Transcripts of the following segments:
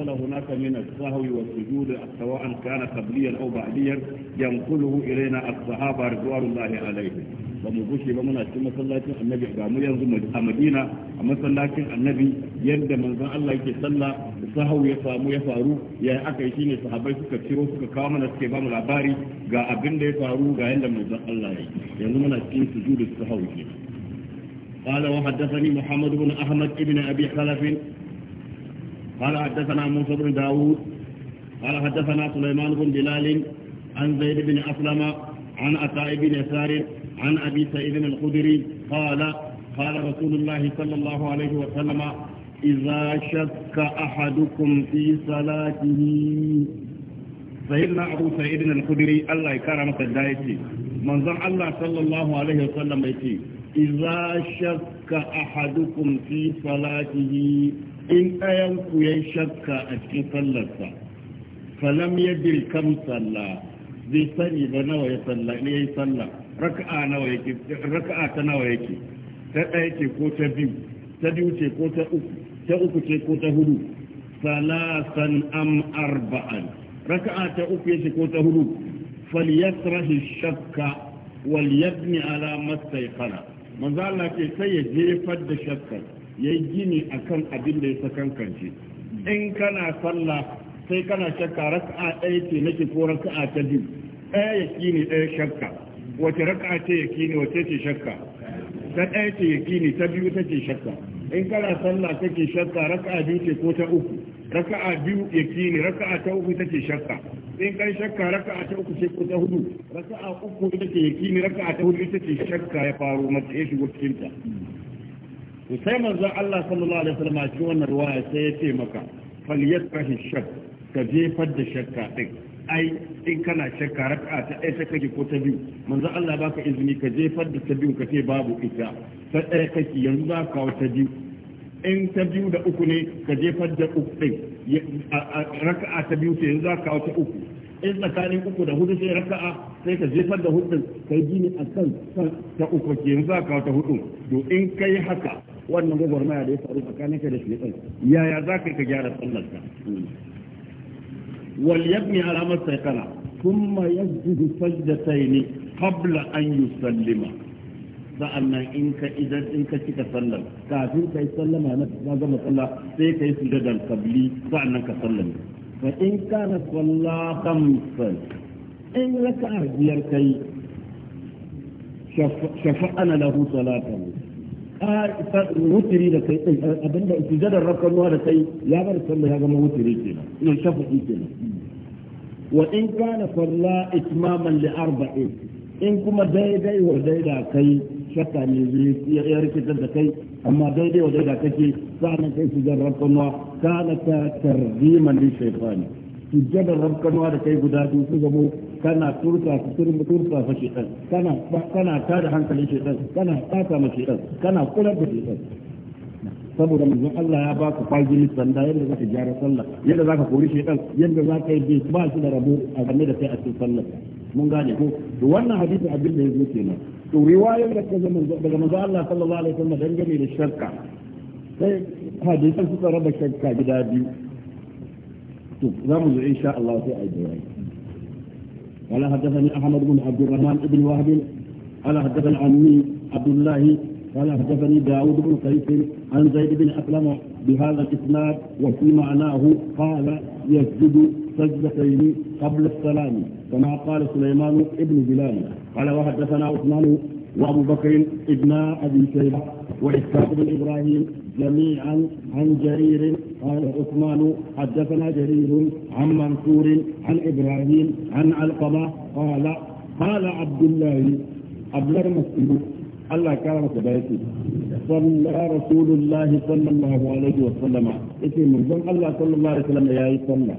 حصل هناك من السهو والسجود سواء كان قبليا أو بعديا ينقله إلينا الصحابة رضوان الله عليهم bamu gushe ba muna cikin masallacin annabi ga mu yanzu a madina a masallacin annabi yadda manzon Allah yake sallah sahau ya samu ya faru ya yi shine sahabbai suka ciro suka kawo mana suke ba mu labari ga abin da ya faru ga yadda manzon Allah ya yanzu muna cikin sujudu sahau قال وحدثني محمد بن احمد ابن ابي خلف قال حدثنا موسى بن داود قال حدثنا سليمان بن بلال عن زيد بن أسلم عن عطاء بن يسار عن أبي سعيد الخدري قال قال رسول الله صلى الله عليه وسلم إذا شك أحدكم في صلاته سيدنا أبو سعيد الخدري الله يكرم سدايتي من ظن الله صلى الله عليه وسلم يتي إذا شك أحدكم في صلاته in ɗayanku ya ya shakka a cikin sallarsa falam ya kam salla zai sani ba nawa ya salla ne ya yi salla raka'a nawa yake raka'a ta nawa yake ta ɗaya ce ko ta biyu ta biyu ce ko ta uku ta uku ce ko ta hudu salasan am arba'an raka'a ta uku ce ko ta hudu falyasrahi shakka wal yabni ala ya manzo Allah ce sai ya jefar da shakka ya gini akan abin da ya sakankance in kana sallah sai kana shakka raka'a ɗaya ce nake ko raka'a ta biyu ɗaya kini ɗaya shakka wace raka'a ce ya kini wace ce shakka ta ɗaya ce yakini ta biyu ta ce shakka in kana sallah kake shakka raka'a biyu ce ko ta uku raka'a biyu ya yakini raka'a ta uku ta ce shakka in kai shakka raka'a ta uku ce ko ta hudu raka'a uku ce ya yakini raka'a ta hudu ce shakka ya faru mace ya shigo cikinta ta to sai manzo Allah sallallahu alaihi wasallam a cikin wannan riwaya sai ya ce maka yatahi shak ka jefar da shakka din ai in kana shakka raka ta ɗaya ta kake ko ta biyu manzo Allah baka izini ka jefar da ta biyu ka ce babu ita ta ɗaya kake yanzu za ka kawo ta biyu in ta biyu da uku ne ka jefar da uku ɗin raka ta biyu ce yanzu za ka kawo ta uku in tsakanin uku da hudu sai raka'a sai ka jefar da hudun kai gini a kan ta uku ke yanzu za ka kawo ta hudu to in kai haka wannan gobar gwagwarmaya da ya faru tsakanin ka da shi ɗin yaya za ka yi ka gyara tsallar ka wal yabni alamar saikana kuma yasjudu sajdatayni qabla an yusallima sa'annan in ka idan in ka cika sallar kafin kai sallama na ka gama sallah sai kai kabli qabli sa'annan ka sallame fa in ka na salla khamsan in raka'a biyar kai shafa'ana lahu salatan wutiri da kai eh, abinda sujadar rakanuwa da kai ya bar sallah ya zama wutiri kenan ya ke kenan wa in kana falla itmaman li arba'in in kuma daidai wa daida kai shakka ne ya rikitar da kai amma daidai wa daida kake sa'an kai sujadar rakanuwa kana ta tarziman li shaytani sujadar rakanuwa da kai guda biyu su zama kana turka turin turta fa shedan kana kana tada hankalin shedan kana tsaka ma shedan kana kula da shedan saboda manzon Allah ya baka fagili sanda yadda zaka jara sallah yadda zaka kori shedan yadda zaka yi ba shi da rabo a game da sai a cikin sallah mun gane ko to wannan hadisi abin da yake kenan to riwayar da kaza daga manzo Allah sallallahu alaihi wasallam dangane da shakka sai su tsara raba shakka gida biyu to za mu zo insha Allah sai a yi bayani قال حدثني احمد بن عبد الرحمن بن وهب قال حدثني عمي عبد الله قال حدثني داود بن قيس عن زيد بن اسلم بهذا الاسناد وفي معناه قال يسجد سجدتين قبل السلام كما قال سليمان بن بلال قال وحدثنا عثمان وابو بكر ابن ابي شيبه واسحاق بن ابراهيم جميعا عن جرير قال عثمان حدثنا جرير عن منصور عن ابراهيم عن علقمه قال قال عبد الله عبد الله الله كرم سبايتي صلى رسول الله صلى الله عليه وسلم اسم من الله صلى الله عليه وسلم يا صلى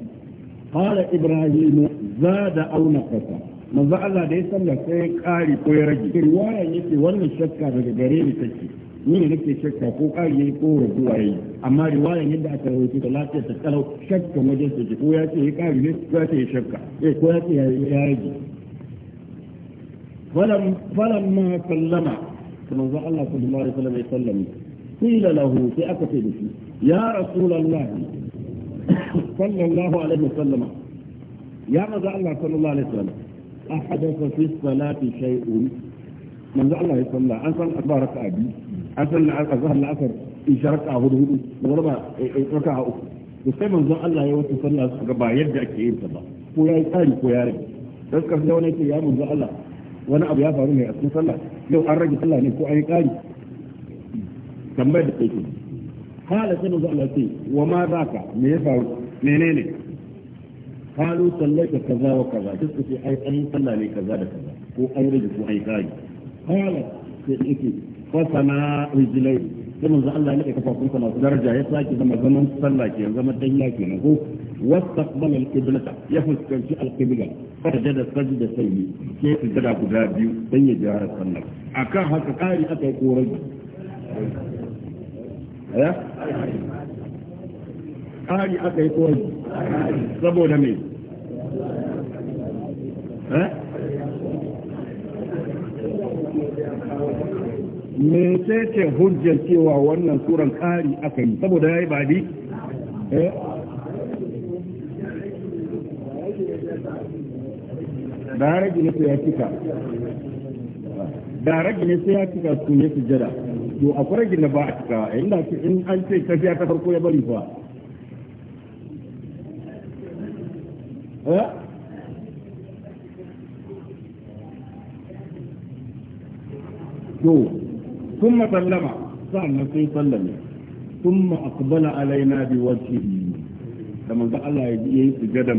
قال ابراهيم زاد او نقص manzo Allah da ya sallah sai ya kare ko ya rage riwaya yake wannan shakka daga gare ni take ni ne nake shakka ko kare yayi ko raguwa yayi amma riwayan yadda aka rawaito da lafiyar ta kalau shakka wajen take ko ya ce ya kare ne ko ya ce ya shakka eh ko ya ce ya rage falam falam ma sallama manzo Allah sallallahu alaihi wasallam ya sallama qila lahu fi aka ce da shi ya rasulullahi sallallahu alaihi wasallam ya manzo Allah sallallahu alaihi wasallam ahadaka fi salati shay'un man za Allah ya salla an san asbar raka'a bi an san azhar al-asr isharaka a hudu hudu goma raka'a uku to sai manzo Allah ya wata salla su ga ba yadda ake yin ta ba ko yayi tsari ko yare dan kar da wani yake ya manzon Allah wani abu ya faru ne a cikin sallah yau an rage sallah ne ko an yi ƙari tambayar da kai ce hala sai manzon Allah ya ce wa ma zaka me ya faru menene قالوا صليت كذا وكذا تسكت في أي أن صلى لي كذا وكذا وأي رجل وأي قال قالت فصنع رجلين sai manzo Allah ya kafa kunta masu daraja ya sake zama zaman sallah ke zama danya ke nan ko wastaqbala al-qiblata ya fuskanci al-qibla sajada sajda sayyi sai sujada guda biyu dan ya jara sallah akan haka kari aka yi koran ya kari aka yi saboda mai eh? mai sai ce hujjar cewa wannan turan ƙari aka yi saboda ya yi badi eh? da rage ne sai ya cika da rage ne sai ya cika su ne sujada to akwai rage na ba a cika inda in an ce tafiya ta farko ya bari fa Eh? to sun سلم صلى sun sallame sun ma'akbala alaina bi wajhihi da manzo Allah ya yi ko da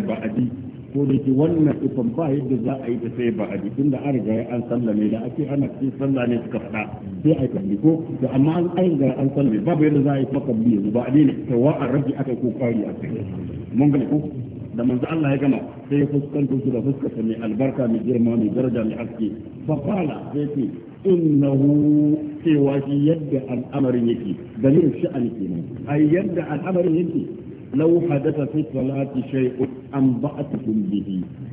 ke wannan ifan ba yadda za a yi ta sai ba a jikin da an riga an ne da ake ana cikin sallah ne suka faɗa sai a kalli ko da amma an an riga an babu yadda za a yi maka biyu ba a ne ta wa a rage aka ko kwari a kai mun ko da manzo Allah ya gama sai ya fuskanto su da fuskar mai albarka mai girma mai daraja mai haske fa qala sai ce innahu cewa shi yadda al'amarin yake dalilin sha'ani kenan ai yadda al'amarin yake faru a cikin الصلاة شيء أنبأتكم به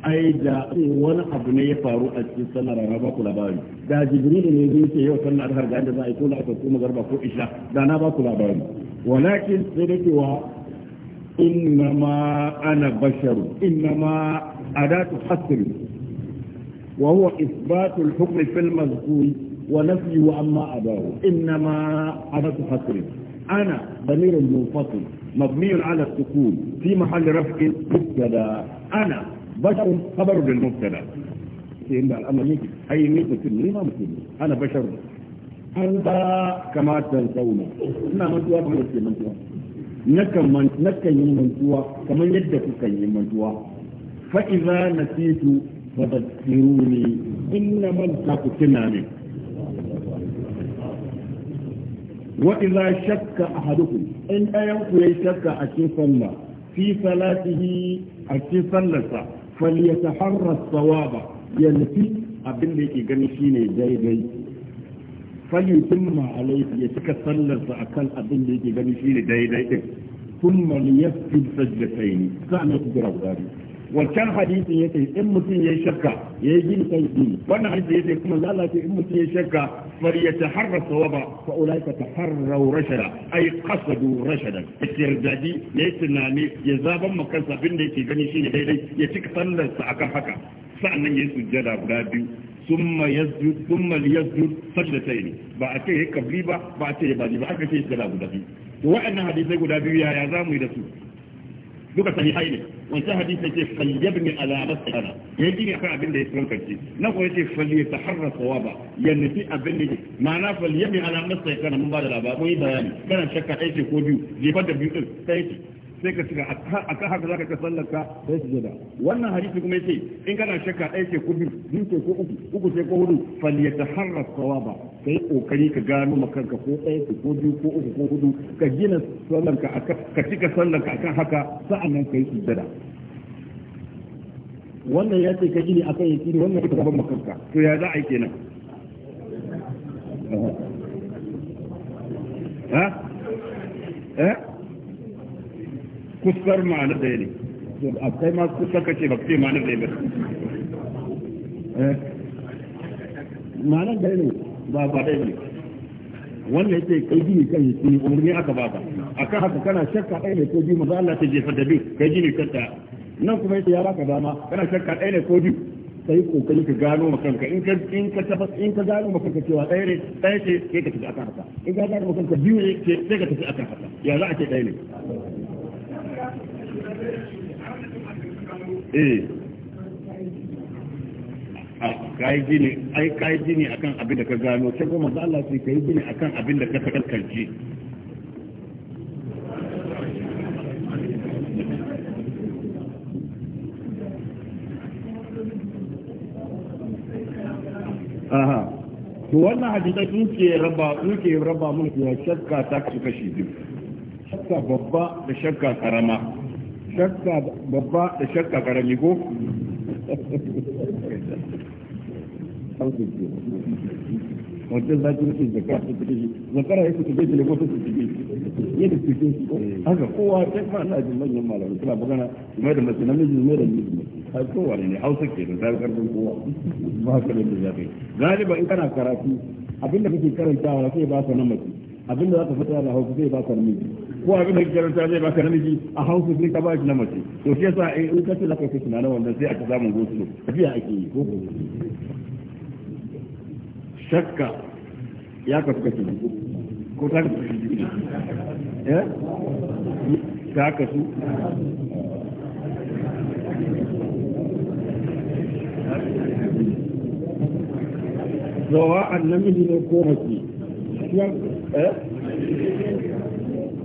أي دا وانا أبني فارو أجل صلى الله عليه وسلم دا جبريل يقول سيئو إنما أنا بشر إنما أداة حصر وهو إثبات الحكم في المذكور ونفي وعما أداه إنما أداة حصر أنا ضمير منفصل مبني على السكون في محل رفع مبتدا أنا بشر خبر للمبتدا إن الأمر يجي أي مسلم ما مسلم أنا بشر أنت كما تنسون نعم، إنما أنت nakan yi mantuwa kamar yadda kuka yi mantuwa fa idza nasitu manta inna man taqtina min wa idza shakka haduku in ɗayan ku yayi shakka a cikin sallah fi salatihi a cikin sallarsa ba ya nufi abin da yake gani shine daidai falin summa alaihi ya cika sallarsa akan abin da yake gani shi ne daidai din summa liyaftu sajdatayni sa'an ya guda biyu wancan hadisin yake in mutum ya shakka ya yi gini kan gini wannan hadisin yake kuma Allah ce in mutum ya shakka far ya taharra sawaba fa ulai ka ta taharrau rashada ay kasadu rashada kirdadi ne tunani ya zaban makansa abin da yake gani shine daidai ya cika sallar a kan haka sa'annan ya yi sujjada guda biyu ثم يسجد ثم ليسجد سجدتين ba a ce kabli ba ba a ce ba ba aka ce sujjada guda biyu to wa'annan hadisai guda biyu yaya zamu yi da su duka sahihai ne wancan hadisi ce falyabni ala masana ya gina kan abin da ya tsankace na ko yace falyataharra ba ya nufi abin da ma'ana falyabni ala masana mun ba da labarai bayani kana shakka aiki ko biyu jefar da biyu din sai sai ka cika a kan haka za ka sallaka sai sujada wannan hadisi kuma yace in kana shakka ɗaya ce ko biyu biyu ce ko uku uku ce ko hudu falyataharra sawaba kai kokari ka gano makanka ko ɗaya ce ko biyu ko uku ko hudu ka gina sallanka ka ka cika sallanka kan haka ka yi sujada wannan ya ce ka gini a kan ya ne wannan ita gaban makanka to ya za a yi kenan ha eh kusar ma'ana da ne a kai ma kusar kace ba ce ma'ana da ba eh, ma'ana da ne ba ba da ne wannan yake kai ji kan shi umurni aka a kan haka kana shakka ɗaya ne ko biyu maza Allah ta jefa da biyu kai ji ne ta nan kuma yake ya baka dama kana shakka ɗaya ne ko biyu kai kokari ka gano makanka in ka in ka tabbas in ka gano makanka cewa ɗaya ne ɗaya ce sai ka tafi akan haka in ka gano makanka biyu ne sai ka tafi akan haka ya za a ce ɗaya ne eh ah, kai gini ai kai gini akan abin da ka gano sai kuma manzo Allah sai kai gini akan abin da ka takalkalce aha to wannan hadisai sun ke raba sun ke raba mulki shakka ta kashi biyu shakka babba da shakka karama shakka babba da shakka karami ko rufe zakara su zakara ya su eh. haka kowa ta jin manyan malamai suna mai da namiji mai da har kowa ne hausa ke da zai karfin kowa ba ka da zafi galiba in kana karatu abinda kake karantawa sai ba ka abinda za ka fita da hausa sai ba ka ko abin da karanta zai baka namiji a hausa din ka baki na mace to shi yasa eh, in kace ce zaka kai tunanin wannan sai aka samu gosulo tafiya ake yi ko shakka ya kasu ce ko ta kasu eh ta su zawa annabi ne ko mace eh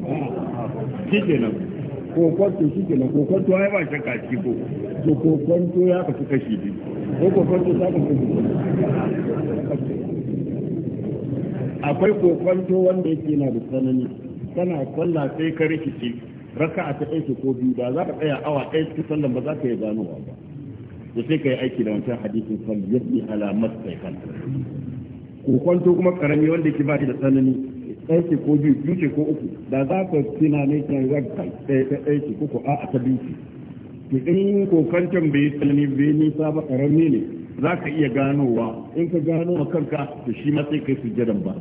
ah. shi kenan kokonto shi kenan kokonto ai ba shakka shi ko to kokonto ya kasu kashi biyu ko kokonto ta kasu akwai kokonto wanda yake na da tsanani kana kwalla sai ka rikici raka a ta ɗauke ko biyu ba za ka tsaya awa ɗaya cikin sallan ba za ka yi ganowa ba da sai ka yi aiki da wancan hadisin fal yadda alamar sai kan kokonto kuma karami wanda ke ba shi da tsanani aiki ko biyu biyu ce ko uku da za ka tina ne kan website ka ta ko ko a ta biyu ce to in kokanton bai tsanani bai nisa ba ƙarami ne za ka iya ganowa in ka gano ma kanka to shi ma sai kai sujjadan ba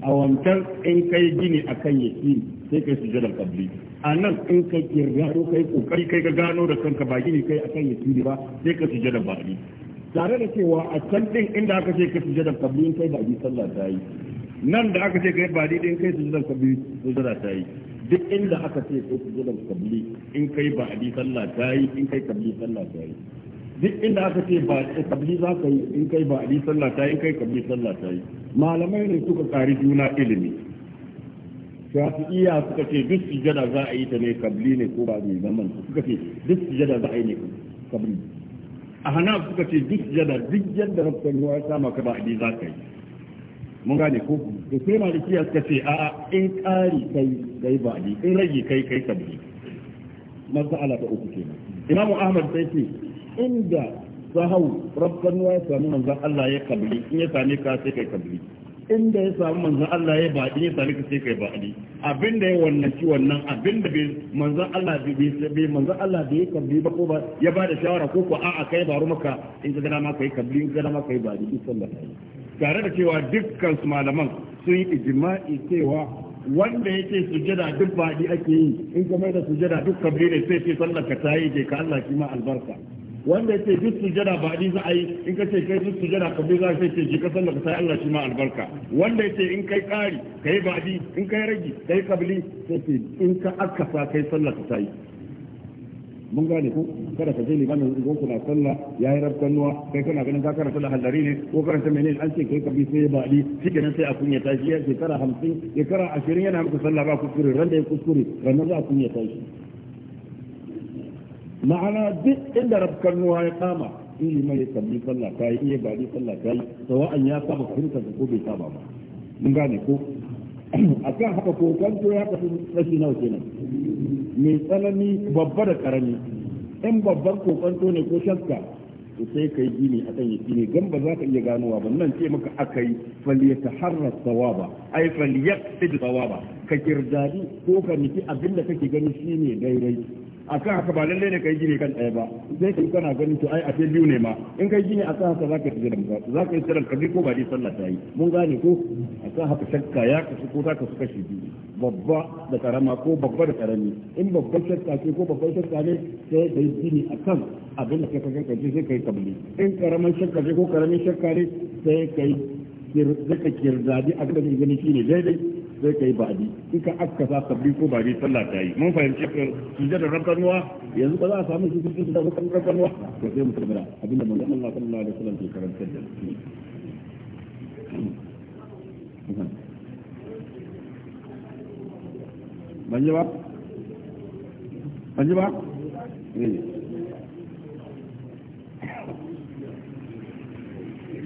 a wancan in kai gini akan yaki sai kai sujjadan kabli a nan in ka kirgaro kai kokari kai ka gano da kanka ba gini kai akan yaki ba sai kai sujjadan ba tare da cewa a can din inda aka ce kai sujjadan kabli in kai ba bi sallah ta yi nan da aka ce kai ba daidai kai su zan kabli sujada ta yi duk inda aka ce kai su zuwa kabli in kai ba abi sallah ta yi in kai kabli sallah ta yi duk inda aka ce ba kabli za ka yi in kai ba abi sallah ta yi in kai kabli sallah ta yi malamai ne suka kari juna ilimi iya suka ce duk sujada za a yi ta ne kabli ne ko ba ne zaman suka ce duk sujada za a yi ne kabli a hana suka ce duk sujada duk yadda rabban ya sama ka ba abi za ka yi mun gane ko to sai malikiya suka ce a'a in kari kai kai ba'di in rage kai kai sabbi mas'ala ta uku kenan imamu ahmad sai ce inda sahau rabban ya samu manzon Allah ya kabli in ya same ka sai kai kabli inda ya samu manzon Allah ya baɗi ya sami sai kai baɗi abinda ya wannan ci wannan abinda bai manzon Allah bai bai manzon Allah bai kabli ba ko ba ya bada shawara ko ko a'a kai baro maka in ka gana ma kai kabli in ka gana ma kai baɗi in sallah tare da cewa dukkan su malaman sun yi ijma'i cewa wanda yake sujada duk baɗi ake yi in ka mai da sujada duk kabri ne sai ce sallar ka ta yi ka Allah ki ma albarka wanda yake duk sujada baɗi za a yi in ka ce kai duk sujada kabri za a ce ki ka sallar ka ta yi Allah ki ma albarka wanda yake in kai ƙari kai baɗi in kai ragi kai kabri sai ce in ka sa kai sallar ka ta yi mun gane ku kada ka je limamin gon kuna sallah ya yi rabkan nuwa kai kana ganin ka karanta sallah hallari ne ko karanta menene an ce kai ka bi sai ba di shikenan sai a kunya tashi ya shekara 50 shekara 20 yana muku sallah ba kuskure ran da ya kuskure ran za a kunya tashi ma'ana duk inda rabkan nuwa ya kama ilimin ya kalli sallah ta yi iya baɗi sallah ta yi sawa'an ya saba fahimtar ko bai saba ba mun gane ko a kan haka ko to ya kasu rashi nawa kenan mai tsanani babba da karami in babban kokonto ne ko shakka to sai kai gini a kan yaki gan ba za ka iya ganowa ba nan ce maka akai falyataharra sawaba ai falyaqsid sawaba ka kirdadi ko ka niki abin da kake gani shine daidai akan haka ba lalle ne kai gini kan ɗaya ba sai kai kana ganin to ai a biyu ne ma in kai gini akan haka za ka yi da ka yi sallar kaji ko ba dai sallah ta yi mun gane ko akan haka shakka ya kasu ko ka su kashi biyu babba da karama ko babba da karami in babban shakka ce ko babban shakka ne sai ka yi gini a kan abin da ka shakka ce sai ka yi kabli in karamin shakka ce ko karamin shakka ne sai ka yi zaka kirzadi a da zai gani shi ne daidai sai ka yi ba'adi in ka aka sa kabli ko ba'adi sallah ta yi mun fahimci ka sujjar da rabbanwa yanzu ba za a samu shi sujjar da rabbanwa to sai mu tabbata abin da manzon Allah sallallahu alaihi wasallam ke karantar da shi ban ji ba ba eh.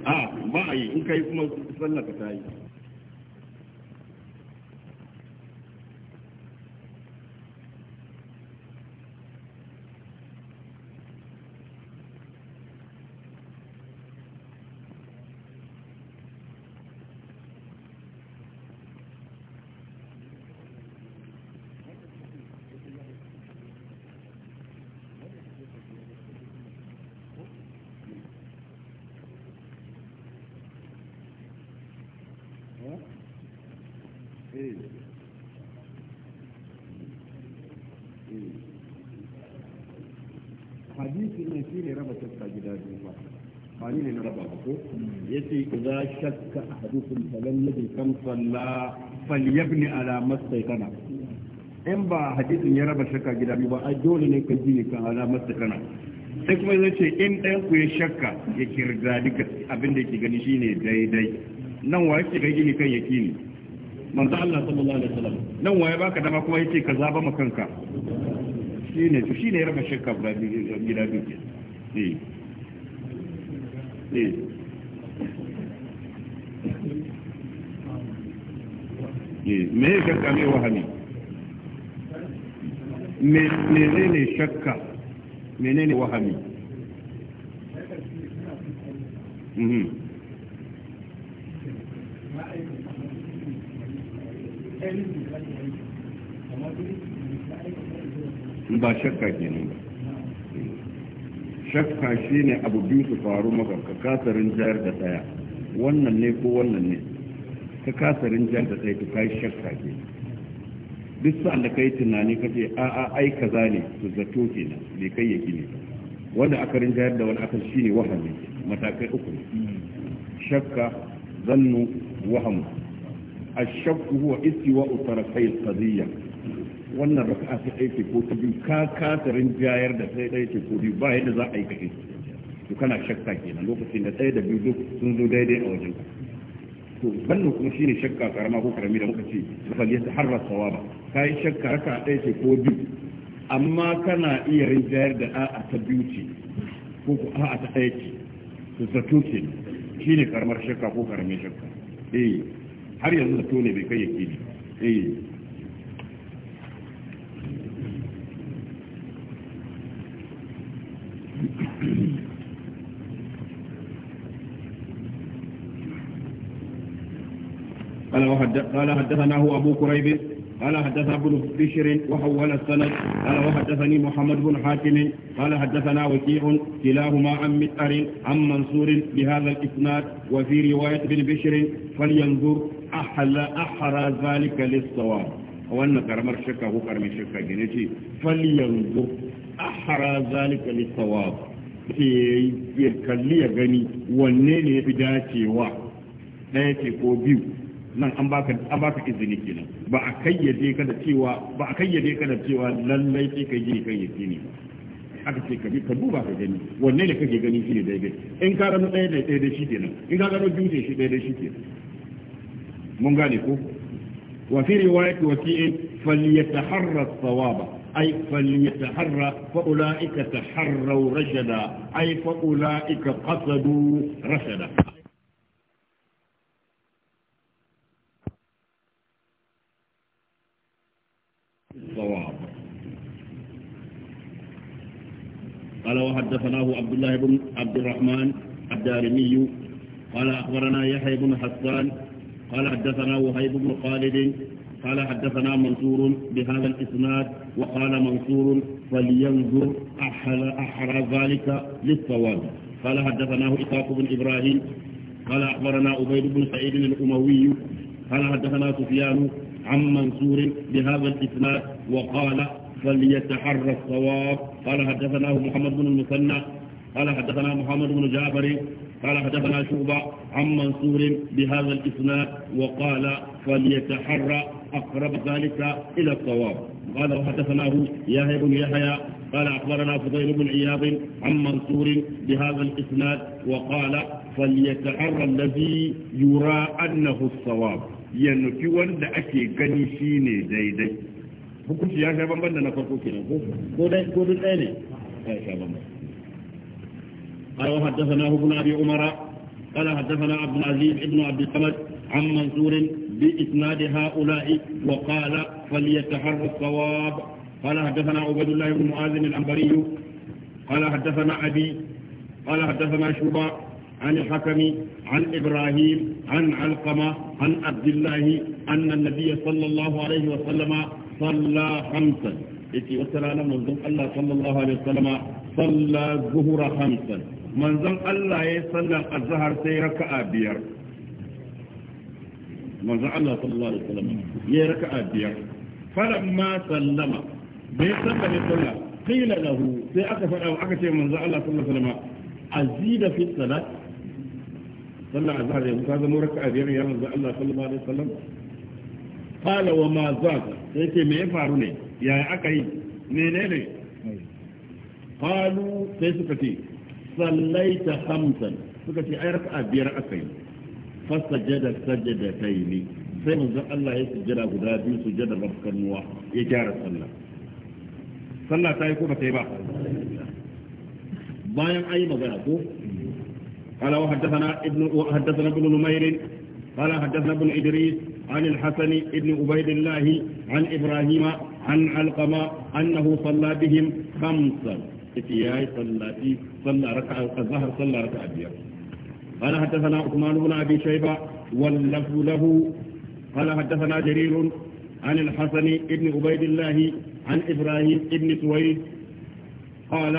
ah, ba yi kuma sallah ka yace idza shakka ahadukum falam yadri kam salla falyabni ala mastaykana in ba hadisin ya raba shakka gida ba a dole ne ka ji kan ala mastaykana sai kuma zai ce in dan ku ya shakka ya kirga duka abin da yake gani shine daidai nan wa yake kai gini kan yakini manzo Allah sallallahu alaihi wasallam nan wa ya baka dama kuma yace ka zaba maka kanka shine to shine ya raba shakka gida biyu ne eh. ne eh. me ya shakka mai wahami ne shakka ne wahami mhm. ba shakka nan ba shakka shi ne abu biyu su faru maka ka kasarin jayar da daya wannan ne ko wannan ne ka kasarin jayar da daya ka kai shakka ke duk sa'an da yi tunani kace a a ai kaza ne to zato kenan bai kai yake ne wanda aka rinjayar da wani akan ne wahami matakai uku shakka zannu wahamu a shakku huwa الشك هو استواء kai القضية wannan raka'a ta ɗaya ce ko ta biyu ka kasarin jayar da sai ɗaya ce ko biyu ba yadda za a yi kake to kana shakka kenan lokacin da ɗaya da biyu duk sun zo daidai a wajen to Bannin kuma shine shakka karama ko karami da muka ce har ya taharra sawaba kai shakka raka'a ɗaya ce ko biyu amma kana iya rinjayar da a'a ta biyu ce ko ko a'a ta ɗaya ce to zato ce shine karamar shakka ko karamin shakka eh har yanzu zato ne bai kai yake ne eh قال وحد قال حدثنا هو أبو كريب قال حدثنا ابن بشر وحول السند قال وحدثني محمد بن حاتم قال حدثنا وكيع كلاهما عن مسأر عن منصور بهذا الإسناد وفي رواية بن بشر فلينظر أحلى أحرى ذلك للصواب وأن كرمر شكا هو كرمي شكا جنتي فلينظر أحرى ذلك للصواب في الكليه غني ونيني يبدأ تيوا ɗaya ce ko nan an baka an baka izini kenan ba a kayyade ka da cewa ba a kayyade ka da cewa lallai sai ka yi kai yake ne aka ce ka bi ka duba ka gani wanne ne kake gani shi ne daidai in ka gano ɗaya ne ɗaya da shi kenan in ka gano biyu ne shi ɗaya da shi kenan mun gane ko wa fi riwayati wasi'in falyataharra thawaba أي فليتحرى فأولئك rashada ai أي فأولئك قصدوا rashada. الصواب قال وحدثناه عبد الله بن عبد الرحمن الدارمي قال أخبرنا يحيى بن حسان قال حدثنا وهيب بن خالد قال حدثنا منصور بهذا الإسناد وقال منصور فلينظر أحلى أحرى ذلك للصواب قال حدثناه إسحاق بن إبراهيم قال أخبرنا أبيد بن سعيد الأموي قال حدثنا سفيان عن منصور بهذا الإسناد وقال فليتحرى الصواب قال حدثناه محمد بن المثنى قال حدثنا محمد بن جعفر قال حدثنا شعبة عن منصور بهذا الإسناد وقال فليتحرى أقرب ذلك إلى الصواب قال وحدثناه يحيى بن يحيى قال أخبرنا فضيل بن عياض عن منصور بهذا الإسناد وقال فليتحرى الذي يرى أنه الصواب ya nufi wanda ake gani shine daidai hukunci ya sha banban da na farko kenan ko ko dai ko dai ɗaya ne ya sha banban قال وحدثنا ابن ابي عمر قال حدثنا عبد العزيز ابن عبد الصمد عن منصور باسناد هؤلاء وقال فليتحرى الصواب قال حدثنا عبد الله بن معاذ العنبري قال حدثنا ابي قال حدثنا شعبه عن الحكم عن إبراهيم عن علقمة عن عبد الله أن النبي صلى الله عليه وسلم صلى خمسا إتي وسلانا من ذنب الله صلى الله عليه وسلم صلى الظهر خمسا من ذنب الله صلى الظهر سيرك أبير من ذنب الله صلى الله عليه وسلم يرك أبير فلما سلم بيسمى لكل قيل له سيأتفر أو أكتب من ذنب الله صلى الله عليه وسلم أزيد في الصلاة sallar azhar yanzu ka zama raka'a biyar ya manzo Allah sallallahu alaihi wasallam qala wa ma zaga sai ce me ya faru ne yaya aka yi menene qalu sai suka ce sallaita khamsan suka ce ai raka'a biyar aka yi fasajjada sajjadataini sai manzo Allah ya sujjada guda biyu sujjada rafkanuwa ya gyara sallah sallah ta yi ko ba ta yi ba bayan ayi magana ko قال وحدثنا ابن وحدثنا ابن نمير قال حدثنا ابن إدريس عن الحسن ابن عبيد الله عن إبراهيم عن علقمة أنه صلى بهم خمسا إتياي صلى في صلى ركعة الظهر صلى ركعة الظهر قال حدثنا عثمان بن أبي شيبة واللف له قال حدثنا جرير عن الحسن ابن عبيد الله عن إبراهيم ابن سويد قال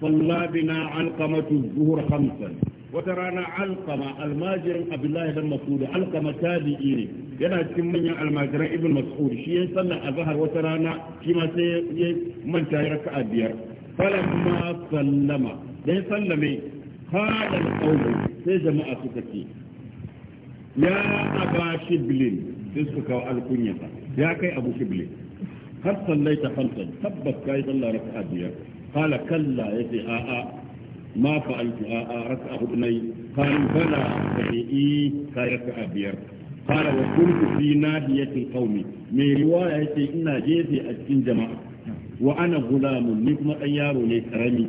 صلى بنا علقمة الظهر خمسا wata rana alkama almajirin abdullahi dan mas'ud alkama tabi'i ne yana cikin manyan almajiran ibn mas'ud shi ya sallar azhar wata rana shi ma sai ya manta ya raka'a biyar falamma sallama dai sallame qala alqawm sai jama'a suka ce ya aba shiblin sai suka kawo alkunya ya kai abu shiblin har sallaita khamsan tabbas kai sallar raka'a biyar qala kalla yace a'a ma fa a a raka hudu nai kan bala da yi kayar ka biyar kala wa kurku fi nahiyatin qaumi mai riwaya yake ina jefe a cikin jama'a wa ana gulamu ni kuma dan yaro ne karami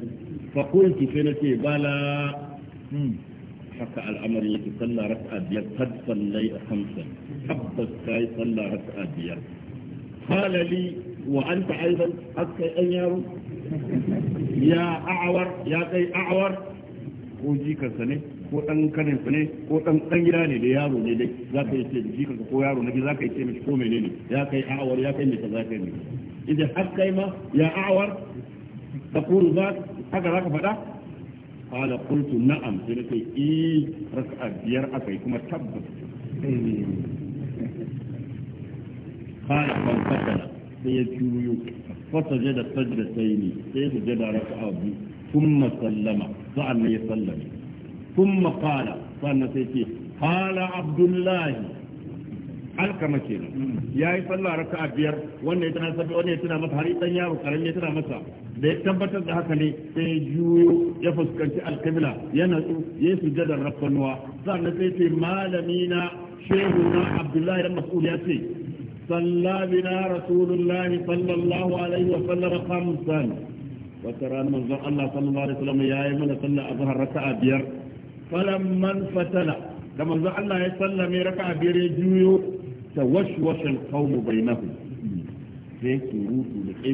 fa kunti sai nace bala haka al'amari yake salla raka biyar kad sallai a kamsa tabbas kai salla raka biyar kala li wa anta aidan akai an yaro ya a'awar ya kai a'awar ko jikarsa ne ko dan kanin ne ko dan dan gida ne da yaro ne dai za ka yi ce jikarsa ko yaro ne za ka yi ce mishi ko menene ya kai a'awar ya kai mishi ka za ka yi idan har kai ma ya a'awar kuru za haka za ka faɗa قال kai نعم سنتي إيه ركعة بيار أكي كما تبت sai ya juyo فسجد سجدتين سجد ركعة ثم سلم فأنا يسلم ثم قال فأنا سيتي قال عبد الله alkama na ya yi sallah raka a biyar wanda ya tana sabi wanda ya tana masa har dan yaro karen ya tana masa da ya tabbatar da haka ne sai ya juyo ya fuskanci alkamila ya natsu ya yi sujadar rafanuwa sannan sai ce malami na shehu na abdullahi dan mas'ud ya ce صلى بنا رسول الله صلى الله عليه وسلم خمسا وترى من الله صلى الله عليه وسلم يا من صلى بير فلما انفتل كما الله بير توشوش القوم بينهم da kai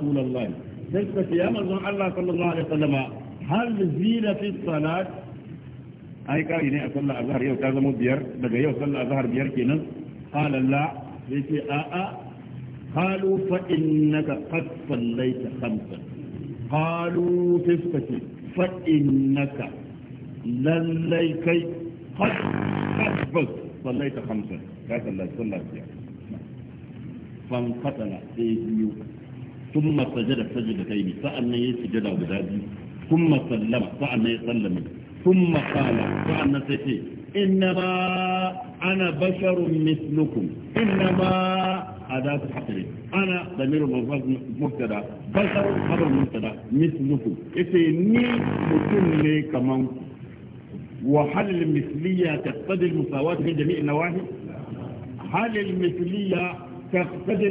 gumi تلك يا مزون الله صلى الله عليه وسلم هل زيل في الصلاة أي قال إني أصلى أظهر يو كذا مبير بقى يو صلى أظهر بير كينا قال لا ليتي آآ قالوا فإنك قد صليت خمسا قالوا تفتتي فإنك لليك قد قد صليت خمسا قال الله صلى فانقتل إيه بيوتك ثم سجد سجدتين فأنا يسجد غدابي ثم سلم فأنا يسلم ثم قال فأنا سيتي إنما أنا بشر مثلكم إنما أداة حقري أنا ضمير المرفق مبتدا بشر خبر مبتدا مثلكم إتني مثلني كمان وهل المثلية تقتضي المساواة في جميع النواحي؟ هل المثلية تقتضي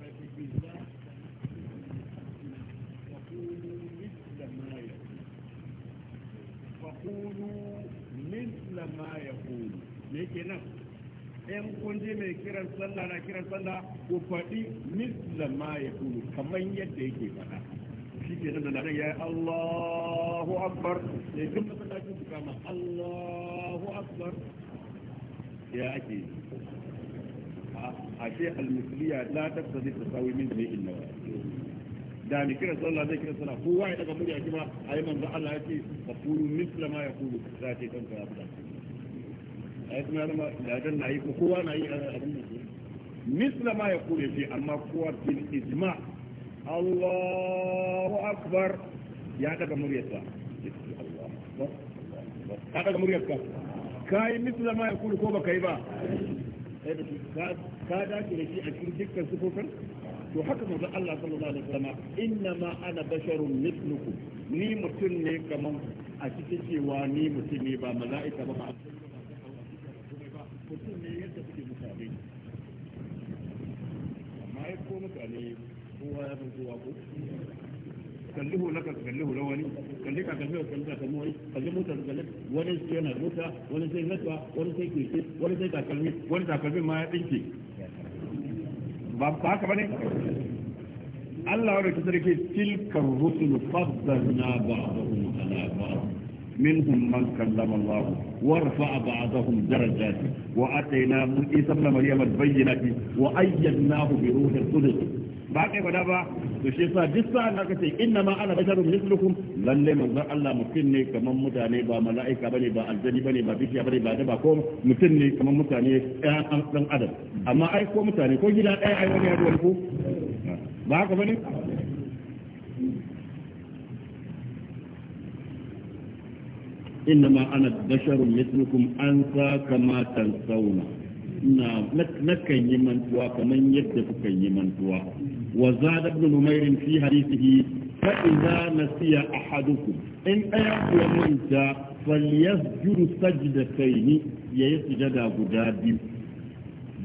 kenan in kun mai kiran sallah na kiran sallah ku faɗi misla ma ya kulu kamar yadda yake faɗa shi ke nan da nan ya yi Allahu Akbar ya da masallacin su kama Allahu Akbar ya ake a ce almusliya la ta sawi min zai inna da ni kira sallah zai kira sallah kowa ya daga murya kima ayi manzo Allah ya ce fa kulu misla ma ya kulu za ta kanka ya faɗa ai kuma zama ladan na yi ko kowa na yi abin da misla ma ya kure shi amma kowa fil izma Allahu akbar ya daga muryarsa ka daga muryarsa kai misla ma ya kure ko baka yi ba ka dace da shi a cikin dukkan sufofin to haka manzo Allah sallallahu alaihi wasallam inna ma ana basharun mithlukum ni mutum ne kaman a cikin cewa ni mutum ne ba mala'ika ba suke mutane amma ya ko mutane kowa ya san kowa ko kalli hulaka kalli hula wani kalli ka kalli kalli ka kalli wani kalli mota kalli wani sai yana mota wani sai natwa wani sai kirki wani sai takalmi wani takalmi ma ya dinke ba ba haka bane Allah wa ta sarki tilkar rusul ba ba'dahum ala منهم من كلم الله ورفع بعضهم درجات واتينا عيسى ابن مريم البينات وايدناه بروح القدس ba kai fada ba to shi yasa duk sa'an da kace inna ma ana basharun mislukum lalle manzon Allah mutum ne kaman mutane ba mala'ika bane ba aljani bane ba bishiya bane ba daba ko mutum ne kaman mutane ɗan adam amma ai ko mutane ko gida ɗaya ba inna ma ana basharun mislukum an sa kama tansauna na nakan yi mantuwa kaman yadda kuka yi mantuwa wa zada ibn numair fi hadithihi fa idza nasiya ahadukum in aya ya manta falyasjud sajdatayn ya yasjada guda biyu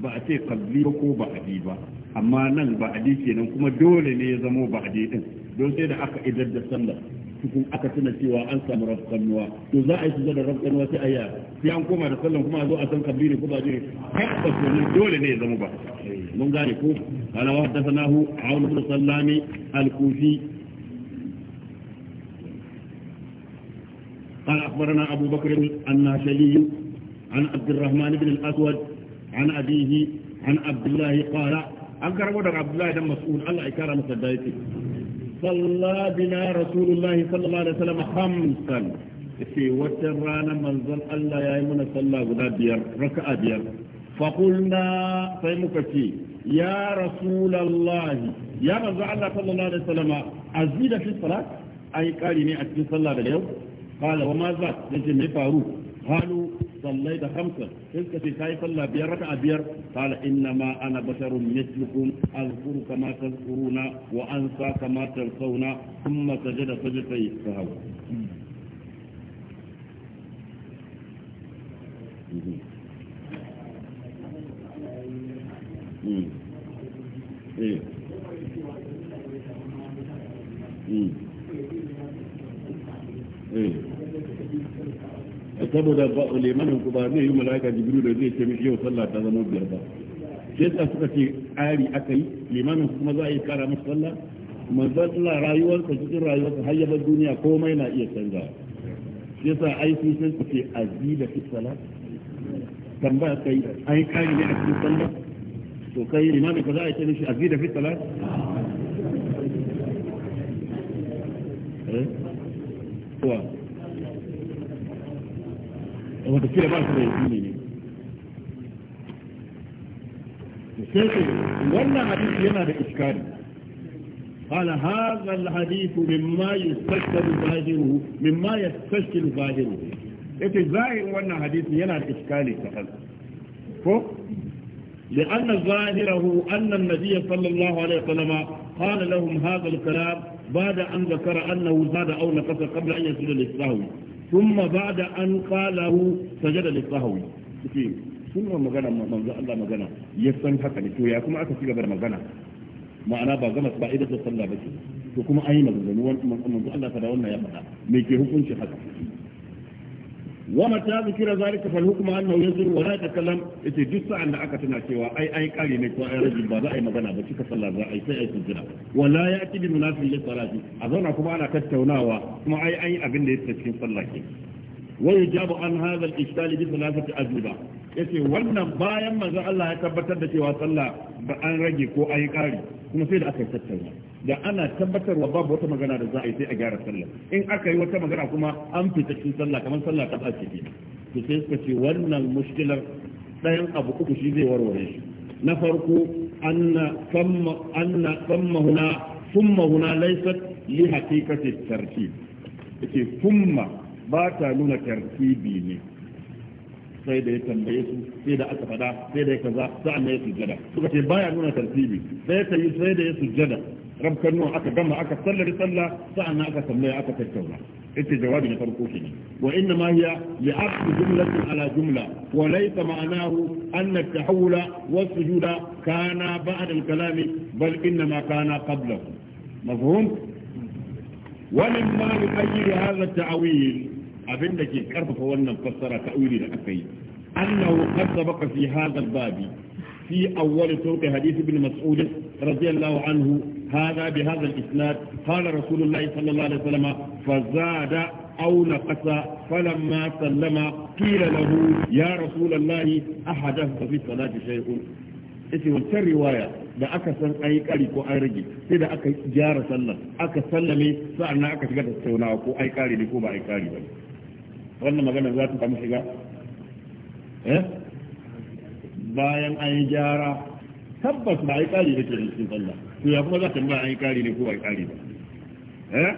ba a ce qabli ko ba adi ba amma nan ba adi kenan kuma dole ne ya zama ba adi din don sai da aka idar da sallah cikin aka tuna cewa an samu rafkanuwa to za a yi sujada sai a sai an koma da sallan kuma a zo a san kabiri ko ba je tabbas wannan dole ne ya zama ba mun gane ko wa aun sallami al-kufi قال بكر الناشلي عن عبد الرحمن بن عن عن عبد الله قال عبد الله بن مسعود الله صلى بنا رسول الله صلى الله عليه وسلم خمسا في وترانا منزل الله يا من صلى غدا بيار ركعه بيار فقلنا فيمكتي يا رسول الله يا منزل الله صلى الله عليه وسلم ازيد في الصلاه اي قال لي اكفي صلاه اليوم قال وما ذا يجي ما قالوا صليت خمسا تلك في كيف الله بيار ركع بيار قال إنما أنا بشر مثلكم أذكر كما تذكرون وأنسى كما تلقون ثم سجد سجدتين فهوى Mm-hmm. saboda ba limanin ku ba zai yi malaka jibiru da zai ce mai yau sallah ta zama biyar ba sai sa suka ce ari aka yi limanin kuma za a yi kara masa sallah manzon Allah rayuwarsa cikin rayuwarsa har yabar duniya komai na iya canza sai sa ai sun san su ce da fi salat tambaya kai ai kai ne a cikin sallah to kai limanin ka za a ce mishi da fi salat eh wata kila ba su da yakini ne sai قال هذا الحديث مما يستشكل ظاهره مما يستشكل ظاهره إذا إيه ظاهر وأن حديث ينا الإشكالي فقط فوق لأن ظاهره أن النبي صلى الله عليه وسلم قال لهم هذا الكلام بعد أن ذكر أنه زاد أو نقص قبل أن يسجد الإسلام ثم بعد أن قاله سجد للصهوي ثم مغنى haka ne مغنى يسن حقا يا كما أكسي قبل magana ma'ana ba gama ba idan da sallah ba to kuma an yi maganganu manzo Allah ta da wannan ya faɗa me ke hukunci haka ومتى ذكر ذلك فالحكم انه يزور ولا يتكلم yace duk sa'an da aka tana cewa ai ai kare ne ko ai rajin ba za a yi magana ba kika sallah za a yi sai ai sujjada wala ya ati bi munafiqin li salati a zauna kuma ana tattaunawa kuma ai ai abin da yake cikin sallah ke wa yujabu an hadha al-ishtal bi thalathati ajuba yace wannan bayan manzo Allah ya tabbatar da cewa sallah ba an rage ko ai kare kuma sai da aka tattauna da ana tabbatarwa babu wata magana da za a yi sai a gyara sallah in aka yi wata magana kuma an fita cikin sallah kamar sallah ta ɓace ce to sai suka ce wannan mushkilar ɗayan abu uku shi zai warware shi na farko anna kamma anna kamma huna thumma huna laysat li haqiqati tartib yake thumma ba ta nuna tartibi ne sai da ya tambaye su sai da aka fada sai da ya kaza sa'an ya sujjada suka ce baya nuna tartibi sai ta yi sai da ya sujjada رب كانوا عكا دم عكا صلى رسالة فأنا عكا سمي عكا التوبة انت جوابي لطرقوشنا وإنما هي لعقد جملة على جملة وليس معناه أن التحول والسجود كان بعد الكلام بل إنما كان قبله مفهوم؟ ولما يغير هذا التعويل أبنك يكرف وانا مفسر تأويل الأكي أنه قد سبق في هذا الباب في أول طرق حديث ابن مسعود رضي الله عنه هذا بهذا الإسناد قال رسول الله صلى الله عليه وسلم فزاد أو نقص فلما سلم قيل له يا رسول الله أحدث في الصلاة شيء ita wancan riwaya da aka san an yi kari ko an rage sai da aka gyara sallar aka sallame sa'an aka shiga da taunawa ko ai kari ne ko ba ai kari ba wannan magana za ta shiga eh bayan an yi gyara tabbas ba ai kari da ke cikin sallah to ya kuma za ta tambaya an yi kari ne ko ba yi kari ba eh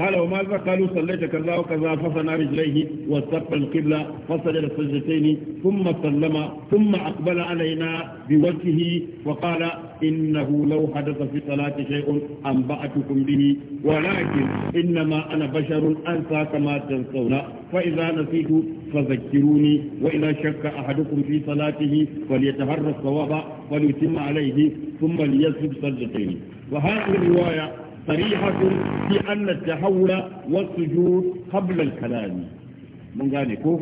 قال وما قالوا صليت كذا وكذا فصنع رجليه واستقبل القبلة فسجد السجدتين ثم سلم ثم أقبل علينا بوجهه وقال إنه لو حدث في صلاة شيء أنبأتكم به ولكن إنما أنا بشر أنسى كما تنسون فإذا نسيت فذكروني وإذا شك أحدكم في صلاته فليتهرى الصواب وليتم عليه ثم ليسجد سجدتين وهذه الرواية صريحة في أن التحول والسجود قبل الكلام من ذلك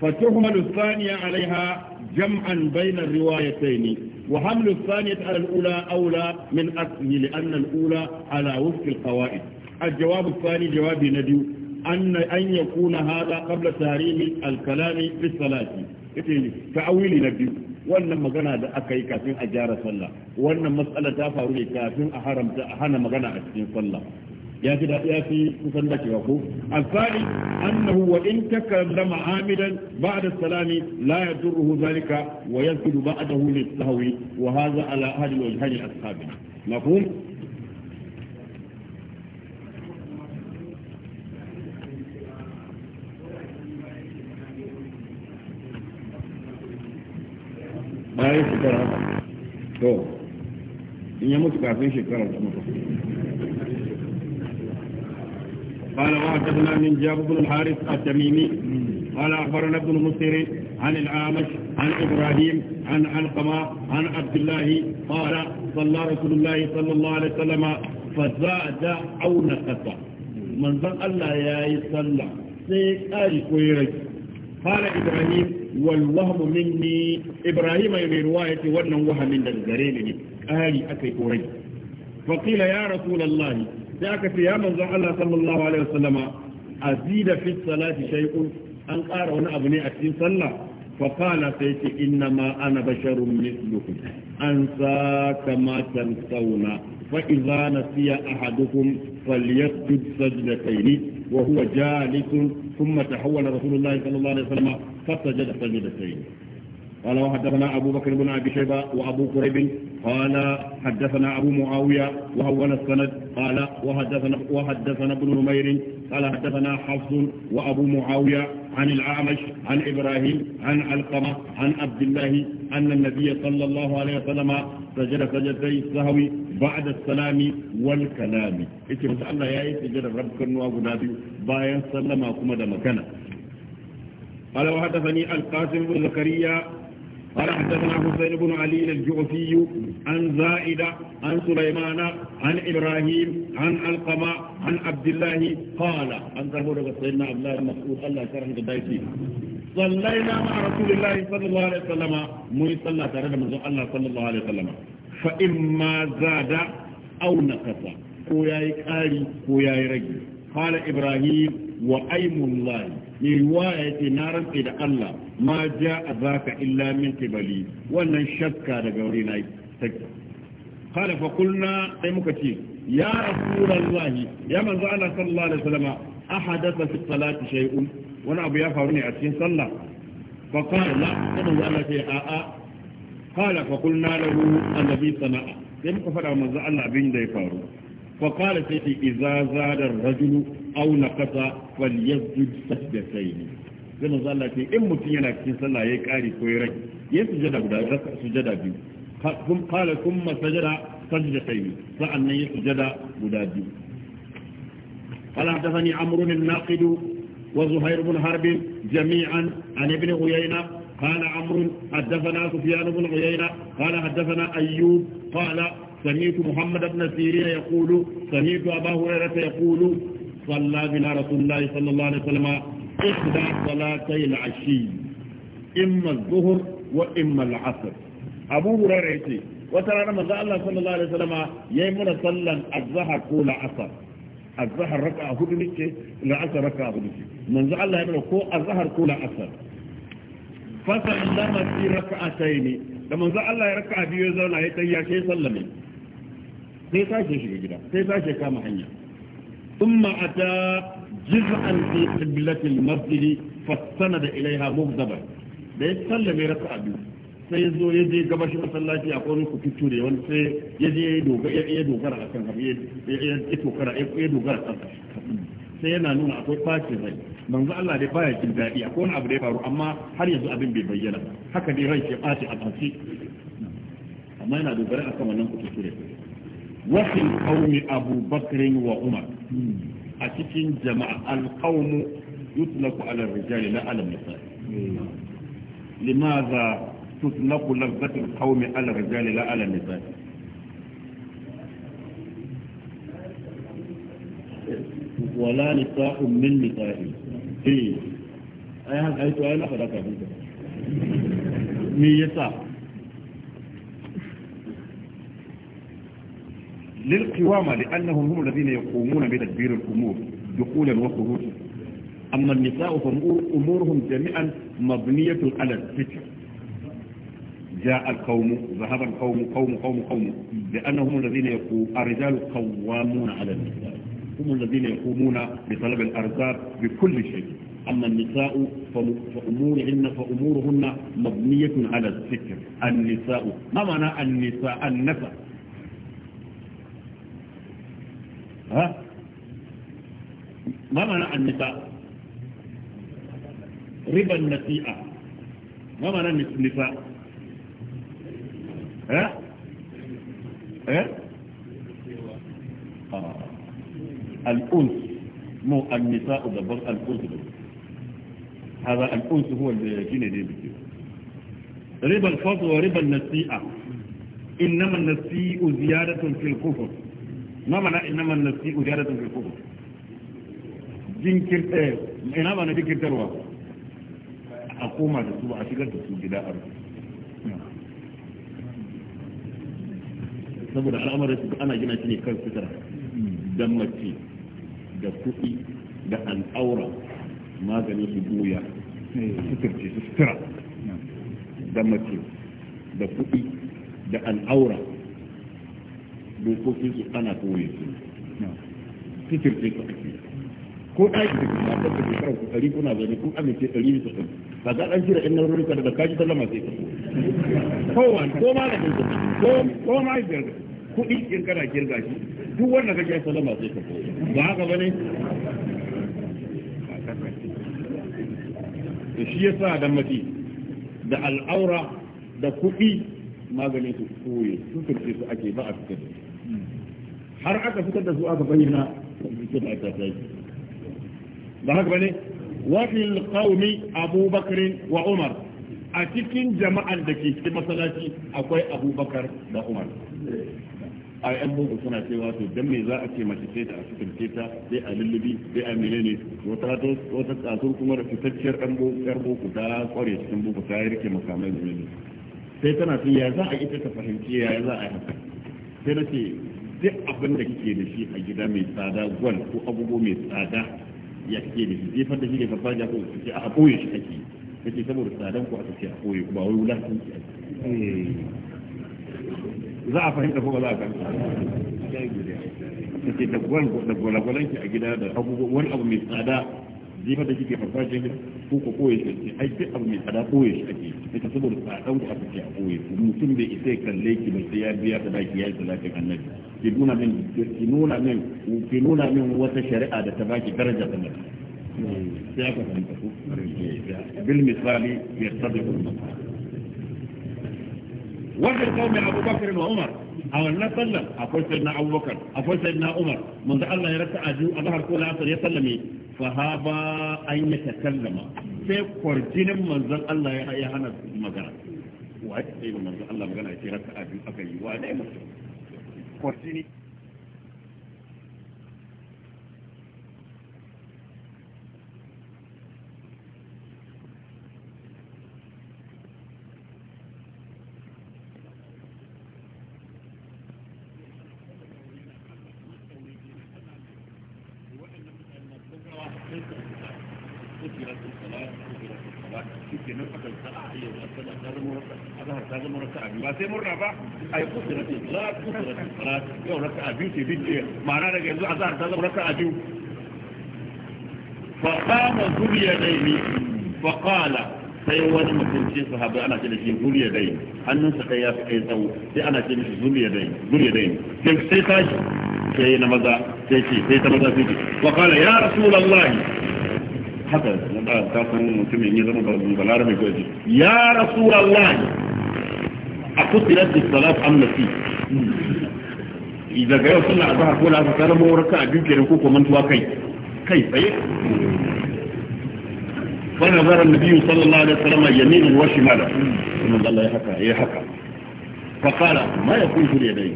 فتهمل الثانية عليها جمعا بين الروايتين وحمل الثانية على الأولى أولى من أصله لأن الأولى على وفق القواعد الجواب الثاني جواب نبي أن أن يكون هذا قبل تهريم الكلام في الصلاة تأويل نبي wannan magana da aka yi kafin a gyara sallah wannan matsala ta faru ne kafin a haramta a hana magana a cikin sallah ya fi daɗi ya fi kusan dacewa ko alfani annahu wa in takallama amidan ba'da salami la yadurruhu zalika wa yazkudu ba'dahu lis-sahwi wa hadha ala ahadi wajhani ashabina mafhum in ya mutu kafin shekara kuma قال وحدثنا من جابر بن الحارث التميمي قال أخبرنا ابن مسير عن العامش عن إبراهيم عن علقمة عن عبد الله قال صلى رسول الله صلى الله عليه وسلم فزاد أو نقص من ظن الله يا صلى سيكاري كويرك قال إبراهيم والوهم مني إبراهيم من رواية وأنه وهم من الزريني ƙari aka korai faƙila ya rasu lallahi sai aka ce ya manzo Allah sallallahu alaihi wasallam a zida fi salati an ƙara wani abu ne a cikin sallah fa kana ce inna ma ana basharun mithlukum an sa kama tan sauna fa idza nasiya ahadukum falyasjud sajdataini wa huwa jalisun thumma tahawwala rasulullahi sallallahu alaihi wasallam fa sajada sajdataini قال وحدثنا أبو بكر بن أبي شيبة وأبو قريب قال حدثنا أبو معاوية وهو السند قال وحدثنا, وحدثنا ابن نمير قال حدثنا حفص وأبو معاوية عن الأعمش عن إبراهيم عن علقمة عن عبد الله أن النبي صلى الله عليه وسلم سجد سجدتي السهو بعد السلام والكلام إذن الله يا سجد ربك النواب نبي باين سلم كما دمكنا قال وحدثني القاسم بن زكريا قال حدثنا حسين بن علي الجعفي عن زائدة عن سليمان عن إبراهيم عن القمة عن عبد الله قال عن ظهور سيدنا عبد الله المسؤول الله كرم قدايتي صلينا مع رسول الله صلى الله عليه وسلم من صلى ترى من الله صلى الله عليه وسلم فإما زاد أو نقص وياي قاري وياي رجل قال إبراهيم وأيم الله من رواية نار إلى الله ma ja a ka illa min kibali wannan shakka daga wuri na take qala fa qulna sai muka ce ya rasulullah ya manzo Allah sallallahu alaihi wasallam ahadatha fi salati shay'un wani abu ya faru ne a cikin sallah fa qala la manzo Allah ce a a qala fa qulna lahu annabi sana'a sai muka fada manzo Allah abin da ya faru fa qala sai idza zada ar-rajulu aw naqata zai manzo Allah in mutum yana cikin sallah yayi kari ko yayi rage yayi sujada guda sai sujada biyu kun kala kun masajada sajda sai sa'annan yayi sujada guda biyu qala hadathani amru bin naqid wa zuhair jami'an an ibn uyayna qala amru hadathana sufyan bin uyayna qala hadathana ayyub qala سمعت محمد بن سيرين يقول سمعت أبا هريرة يقول صلى بنا رسول الله صلى الله عليه وسلم إحدى صلاتي العشي إما الظهر وإما العصر أبو هريرة يقول وترانا ما قال الله صلى الله عليه وسلم يمنا صلى الظهر كل عصر الظهر ركعة هدو نكي العصر ركعة هدو نكي من قال الله يمنا كو الظهر كل عصر فسلم في ركعتين لما قال الله ركعة بيوزونا يتيا شيء سلمي sai sashe shiga gida sai sashe kama hanya ثم أتى jiz'an fi qiblatil masjid fastanada ilaiha mubdaban da ya sallame raka'a biyu sai ya zo ya je gabashin masallaci a kwanin kututu ne wani sai ya je ya dogara a kan hafi ya tokara ya dogara a sai yana nuna akwai ɓacin zai. manzo Allah dai baya jin daɗi akwai wani abu da ya faru amma har yanzu abin bai bayyana haka dai rai ke ɓaci a ɓaci amma yana dogara a kan wannan kututu ne wasu kaumi abubakar wa umar أتكين جماعة القوم يطلق على الرجال لا على النساء لماذا تطلق لغة القوم على الرجال لا على النساء ولا نساء من نساء في أي هذا أي سؤال أخذك أبيك مية صاحب للقوامة لأنهم هم الذين يقومون بتدبير الأمور دخولا وخروجا أما النساء فأمورهم جميعا مبنية على الفكر جاء القوم ذهب القوم قوم قوم قوم لأنهم الذين يقوم الرجال قوامون على النساء هم الذين يقومون بطلب الأرزاق بكل شيء أما النساء فأمورهن فأمورهن مبنية على الفكر النساء ما معنى النساء النساء ها ما معنى النساء ربا النسيئة ما معنى النساء ها ها آه. الأنس مو النساء دبر الأنس هذا الأنس هو اللي كنا ربا الفضل وربا النسيئة إنما النسيء زيادة في الكفر ما معنى إنما النسيء جارة في الكفر jinkir ɗaya ina ba na jinkirtarwa a koma da su ba a shigar da su gida a saboda al'amarin su ana gina shi ne kan sutura da mace da kuɗi da al'aura maganin su goya suturce su sutura da mace da kuɗi da al'aura dokokin su ana koyi su ake ko ɗaki da kuma ta ku ɗari kuna amince ɗari ɗari ba za ɗan da kaji sai kowa ko ma da ko ma kuɗi in kana kirga shi duk wanda sai ka ba haka da shi ya sa da da al'aura da kuɗi maganin su koye su su ake ba a fitar har aka fitar da su aka bayyana cikin aikata ba haka bane wa fil qaumi abubakar wa umar a cikin jama'ar da ke cikin masallaci akwai abubakar da umar a yan boko suna cewa to dan me za a ce mace ce ta a cikin ta sai a lullubi sai a menene wata wata kasur kuma da fitacciyar dan bugu yar boko ta kware cikin bugu ta rike makamai da menene sai tana cewa ya za a ita ta fahimci ya za a yi haka sai na ce duk abin da ke da shi a gida mai tsada gwal ko abubu mai tsada ya ke da shi jefar da shi ne farfar ya kuma suke a ɓoye shi ake ke saboda tsadan ku a suke a ɓoye ba wai wula sun ke eh. za a fahimta ko ba za a fahimta kace da gwal da gwalagwalan ki a gida da abubu wani abu mai tsada jefar da shi ke farfar ya ko ko ɓoye shi ake ai duk abu mai tsada ɓoye shi ake ke saboda tsadan ku a suke a ɓoye mutum bai isa ya kalle ki ba sai ya biya da daki ya yi salatin annabi في نونا من في من في من وتشرع هذا تبعك درجة من بالمثال يصدق وجه القوم أبو بكر وعمر أو النبلة أقول سيدنا أبو بكر أقول سيدنا عمر من ذا الله يرتع أجو أبو كل عصر يسلمي فهابا أن يتكلم في قرجين من ذا الله يهانا مجرد وأكيد من ذا الله مجرد يرتع أجو أكيد وأكيد kò sí ni. shi nan aka tsara a yi tsara ta zama raka a zahar ta zama raka a biyu ba sai murna ba a yi kusura ce za a kusura ce fara yau raka a biyu ce bin ɗaya ma'ana daga yanzu a zahar ta zama raka a biyu fa kama zuriya daini fa kala sai wani mutum ce sahabi ana ce da shi zuriya daini hannunsa kai ya fi kai tsawo sai ana ce da shi zuriya daini zuriya daini sai tashi sai na maza sai ce sai ta maza sai ce wa kala ya rasulallahi haka ta san mutumin ya zama balarabe ko yaji ya rasulullahi a kusirar da salat amnati daga yau suna azhar ko la ta ramo raka a biyu ko kuma mantuwa kai kai tsaye فنظر النبي صلى الله عليه وسلم يمينا وشمالا ya haka, يحكى يحكى فقال ما يكون في اليدين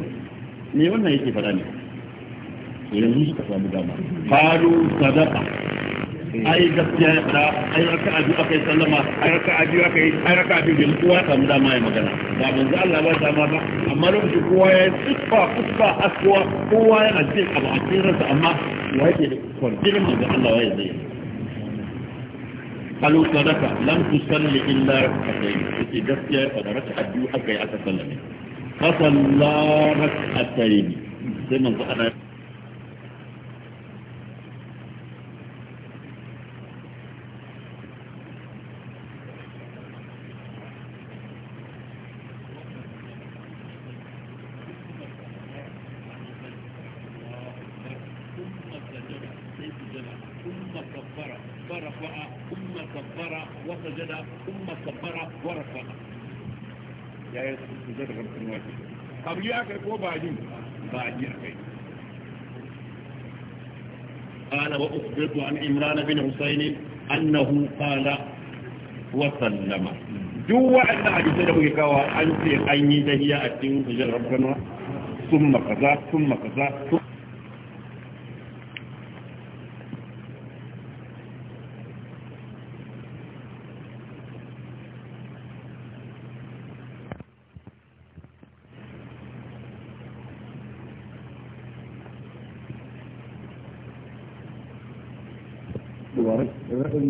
me wannan yake faɗa ne yanzu suka samu dama faru sadaka ai gaskiya ya fada ai raka'a biyu akai sallama ai raka'a biyu akai ai raka'a biyu bil kowa samu dama ya magana ba manzo Allah ba dama ba amma lokacin kowa ya tsiffa kufa aswa kowa yana jin abu a cikin ransa amma wa yake da kwarjin manzo Allah wa zai قالوا صدقة لم تصلي إلا ركعتين في جسيا فركعة بيو أكي أكسلمي فصلى ركعتين سيما صدقة الصديق عن عمران بن حسين أنه قال وسلم جوا أن حديث له يكوى أنت أيني دهيا أتين سجل ربنا ثم كذا ثم كذا ثم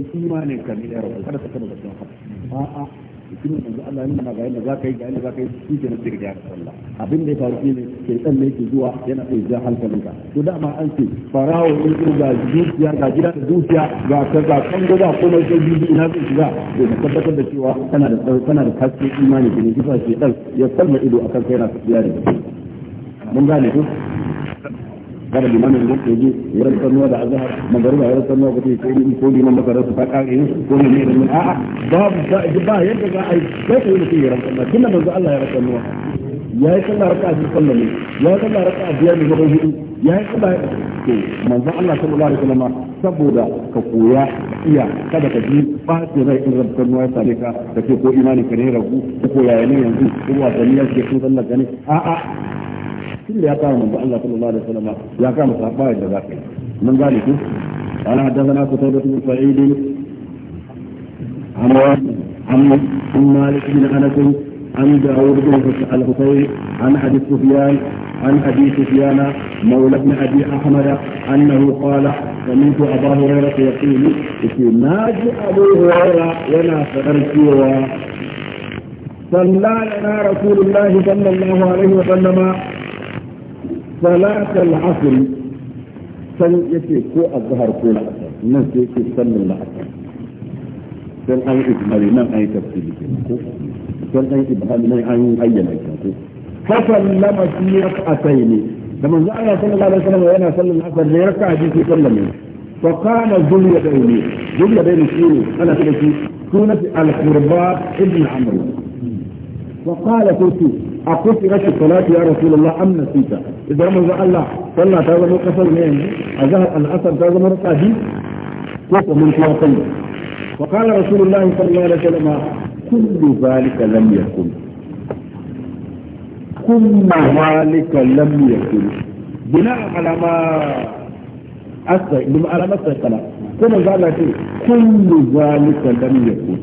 cikin imanin ka ne yaro kada ka tana batun a a'a cikin manzo Allah ne ga yanda zaka yi ga yanda zaka yi shi ke nake ga Allah abin da ya faru ne sai dan ne yake zuwa yana sai ja hankalin ka to dama an ce farawo in ku ga zuciya ga gida da zuciya ga ka ga kan goda kuma sai bibi ina zai shiga to ka tabbatar da cewa kana da kana da kaske imani ne kisa shi dan ya sallama ido akan kai na tafiya da mun gane ko kada limamin da ke ji wurin da azhar da wurin sanuwa ko ko ko liman makarar su ta kare ko ne ne da a'a babu ba yadda za a yi sai ko ne ke ran sanuwa tunda manzo Allah ya ran sanuwa ya yi sallah raka a cikin ne ya yi sallah raka a biyar da gaban hudu ya yi sallah to manzo Allah sallallahu da wasallam saboda ka koya iya kada ka ji ɓaci rai in rabtar nuwa sale ka ka ce ko imanin ka ne ragu ko yaya yanzu ko wasanni ya ce sun ka ne a'a tunda ya kama manzo Allah sallallahu alaihi wasallam ya kama sahaba da zaka من ذلك قال حدثنا قتيبة بن سعيد عن عن عن مالك بن انس عن داوود بن الحسين عن ابي سفيان عن ابي سفيان مولى بن ابي احمد انه قال سمعت ابا هريره يقول ناجي ابو هريره ولا سألت صلى لنا رسول الله صلى الله عليه وسلم صلاة العصر سن يتي كو الظهر كو العصر من يتي سن العصر سن أي إجمالي من أي تفسير سن أي إبهام من أي أي مكان فسلم في ركعتين لما زعل صلى الله عليه وسلم وأنا صلى العصر لركعة في سلم فقام ذو يدين ذو يدين شيري أنا في سنة القرباء ابن عمرو وقال قلت أقصرت الصلاة يا رسول الله أم نسيت إذا رمز الله صلى هذا من قصر مين أزهر الأثر هذا من كيف من شواطين وقال رسول الله صلى الله عليه وسلم كل ذلك لم يكن كل ذلك لم يكن بناء على ما أستيقظ على ما أستيقظ كما قال كل ذلك لم يكن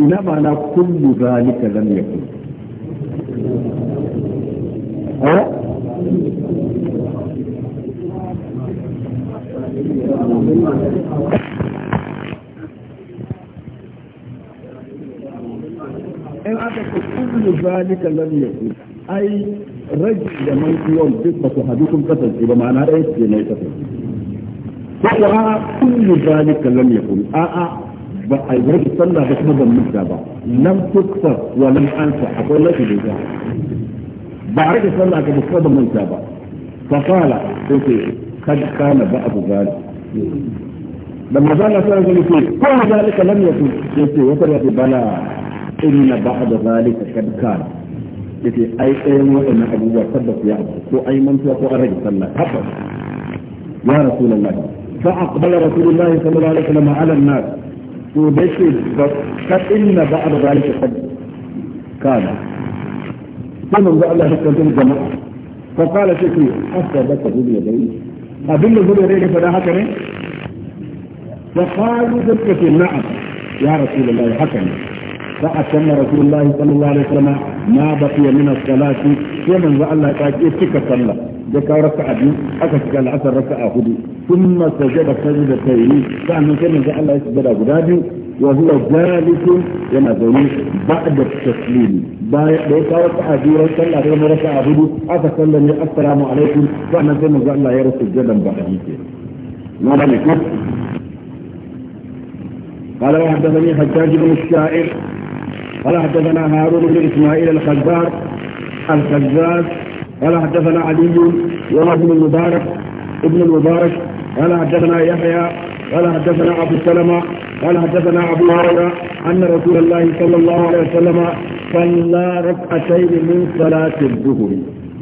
إنما أنا كل ذلك لم يكن Eh? in aka ce kullu zalika lam yakun ai rage da duk ba su hadu kasance ba ma'ana ɗaya ne ko a zalika a a ba a yi sallah ba kuma ban ba akwai lafi بعد صلى الله عليه من تابع فقال قلت قد كان بعض ذلك لما قال صلى الله عليه كل ذلك لم يكن يقول وقال يقول بلى إن بعض ذلك قد كان يقول أي أين وإن أبو وصدق يعبد تو أي من تو أقول صلى الله يا رسول الله فأقبل رسول الله صلى الله عليه وسلم على الناس وبشر فقد إن بعض ذلك قد كان ثم انزع الله يستنتهي الجماعة فقال شكري حتى بك ذو يديه أبل ذو يديه فلا حكمه فقالوا ذكة نعم يا رسول الله حكمه فأتم رسول الله صلى الله عليه وسلم ما بقي من الصلاة كما ذا الله تاكي تلك صلى ذكى ركع دي أكسك العصر ركعة خدي ثم سجد سجدتين فأنا كمن ذا الله يسجد أبو وهو ذلك يما زوني بعد التسليم باي باي كاو تعبير صلى الله عليه وسلم ركع سلمي السلام عليكم فانا زي ما قال الله يا رسول جدا بعد ما بالك قال حدثني حجاج بن الشاعر قال حدثنا هارون بن اسماعيل الخزار الخزار قال حدثنا علي وله بن المبارك ابن المبارك قال حدثنا يحيى قال حدثنا عبد سلمه قال حدثنا أبو هريرة أن رسول الله صلى الله عليه وسلم صلى ركعتين من صلاة الظهر.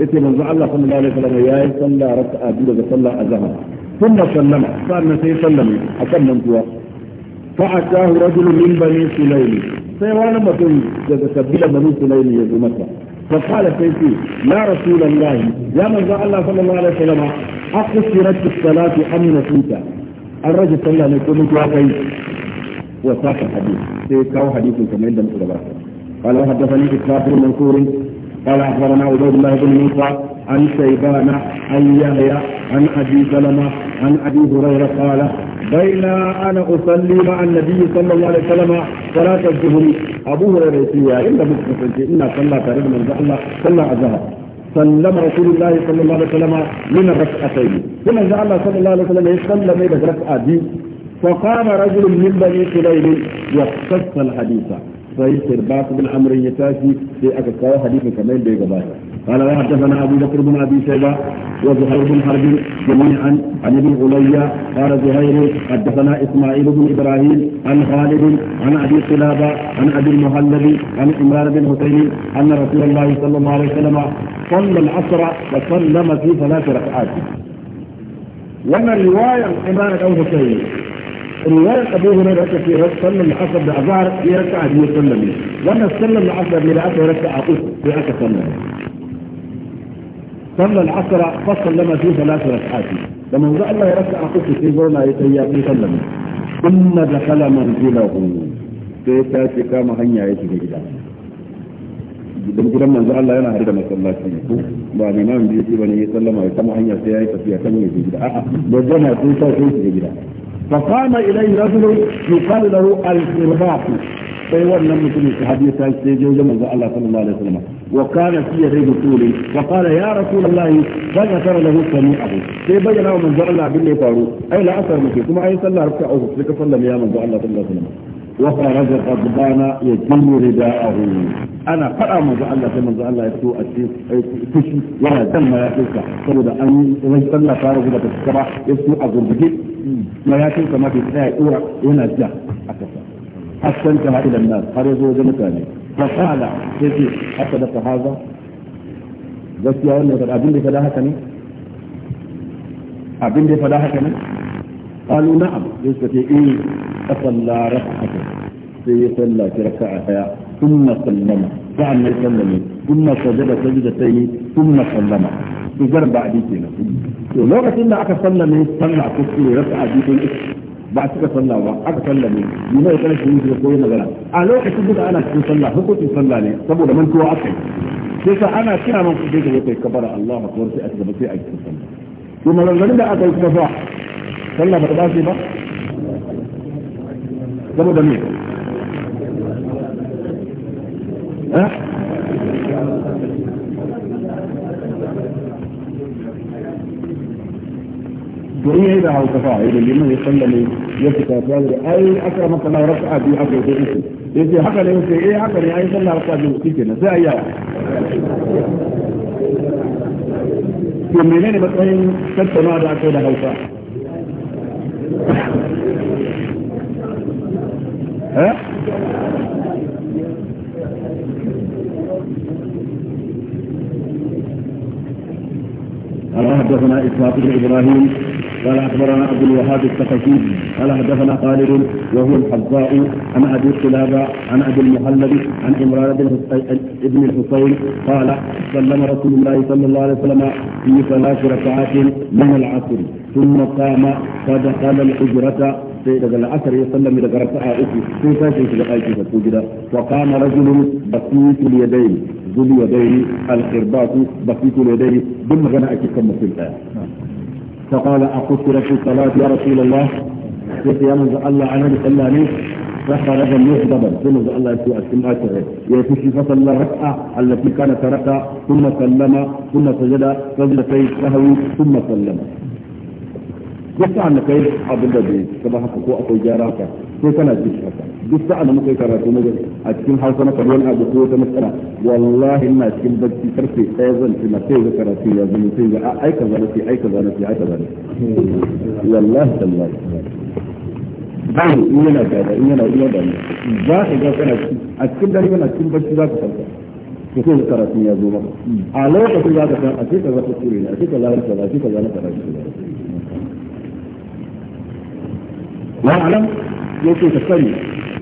إتي من زعل الله صلى الله عليه وسلم يا صلى ركعة صلى الزهر. ثم سلم قال نسي سلم أكم من توا. فأتاه رجل من بني سليم. سيوانا ما تقول إذا سبيل بني سليم يا فقال سيدي يا رسول الله يا من زعل الله صلى الله عليه وسلم أقصرت الصلاة أم نسيتها. الرجل صلى الله عليه وسلم وساق الحديث سيكاو حديث كما يدل الى قال وحدثني اسحاق بن منصور قال اخبرنا عبيد الله بن موسى عن شيبان عن يحيى عن ابي سلمه عن ابي هريره قال بين انا اصلي مع النبي صلى الله عليه وسلم صلاه الظهر ابو هريره يا ان مسلم ان صلى تاريخ من الله صلى الظهر سلم رسول الله صلى الله عليه وسلم من الركعتين ثم جعل الله صلى الله عليه وسلم يسلم الى الركعه دي فقام رجل من بني سليم واقتص الحديث فيصير باق عمرو يتاشي في اكثر حديث كمان بيغباش قال وحدثنا ابو بكر بن ابي شيبه وزهير بن حرب جميعا عن ابن علي قال زهير حدثنا اسماعيل بن ابراهيم عن خالد عن ابي قلابه عن ابي المهلب عن عمران بن حسين ان رسول الله صلى الله عليه وسلم صلى العصر وسلم في ثلاث ركعات. وما روايه عمران بن حسين روايه ابو هريره في رسول الله صلى الله عليه وسلم في ركعه ابي سلم لما سلم العصر الى ركعه ركعه اخرى في ركعه سلم صلى العصر فسلم في ثلاث ركعات لما جاء الله ركعه اخرى في زوما يتيا في سلم ثم دخل منزله في تاتي كما هن يعيش في كتابه idan gidan manzo Allah yana hari da masallaci ba ne nan biyu ba ne ya sallama ya kama hanya sai ya yi tafiya kan ya gida a'a da jama'a sun sa sai su gida فقام إليه رجل يقال له الإرباط فهو لم يكن في حديث السيدي وجمع الله صلى الله عليه وسلم وكان في يريد طولي فقال يا رسول الله بجا ترى له سميعه في بجا من جعل الله بالله فارو أي لا أثر مكي ثم أي صلى ركع أهو لك صلى يا من جعل الله صلى الله عليه وسلم وخرج غضبان يجل رداءه أنا قرأ من جعل الله من جعل الله يسوء تشي ولا دم يا تلك فلو ده أن رجل الله فارو لك السكرة يسوء أغربكي ma ya tuka mafi tsaya dora yana da aka sa hasan ta hadu da nan har yazo da mutane fa sala sai ce haka da haza gaskiya wannan da abin da fada haka ne abin da fada haka ne قالوا نعم يسكت إيه فصلى ركعة في صلى ركعة ثم سلم فعل سلم ثم سجد سجدتين ثم سلم sujar ba adi kenan to lokacin da aka sallame sallah ko ne rasa adi ko ba a cika sallah ba aka sallame ni ne kana shi ne ko yana gara a lokacin da ana cikin sallah hukuncin sallah ne saboda mantuwa aka yi sai sa ana kira man ku da kai kabara Allahu akbar sai a gaba sai a cikin sallah to maganganun da aka yi kuma fa sallah ba ta dace ba saboda me eh وهي إذا هو كفاء إذا لمن يسلم يفتح صدر أي أكرمك الله ركعة في أكل في إسم يجي حقا لي يفتح إيه حقا لي أي صلى ركعة في إسم زي أيام يمينين بطين ستة ما دعك إلى هوفاء ها؟ قال حدثنا اسحاق ابراهيم قال اخبرنا عبد الوهاب الثقفي قال حدثنا خالد وهو الحباء عن ابي قلابه عن ابي المهلب عن عمران بن ابن الحصين قال سلم رسول الله صلى الله عليه وسلم في ثلاث ركعات من العصر ثم قام فدخل الحجرة sai daga la'asar ya sallami daga raka'a uku sai sashen shi da aiki da ko gida wa qama rajulun basitul yadayn zul yadayn al-irbatu basitul yadayn magana ake kan mutum daya فقال أقصر في الصلاة يا رسول الله قلت يا الله أنا بصلى لي فخرج مغضبا ثم الله في أسماته يأتي فصل الركعة التي كانت ركعة ثم سلم ثم سجد سجدتي سهو ثم سلم ya sa na kai abin da bai kaba haka ko akwai gyara ka sai kana ji haka duk sa'an da muka yi karatu na a cikin hausa na kalwar abu ko wata matsala wallahi ina cikin bacci karfe ɗaya zan ci na sai ga karatu ya zama sai ga aika zana sai aika zana sai aika zana wallahi tallahi bai in yana gada in yana in yana za ka ga kana a cikin dare kana cikin bacci za ka farka ka ce da karatun ya zo maka a lokacin za ka san a ce ka za ka tsure ne a ce ka za ka za ka za ka za ka واعلم يوكي تسلي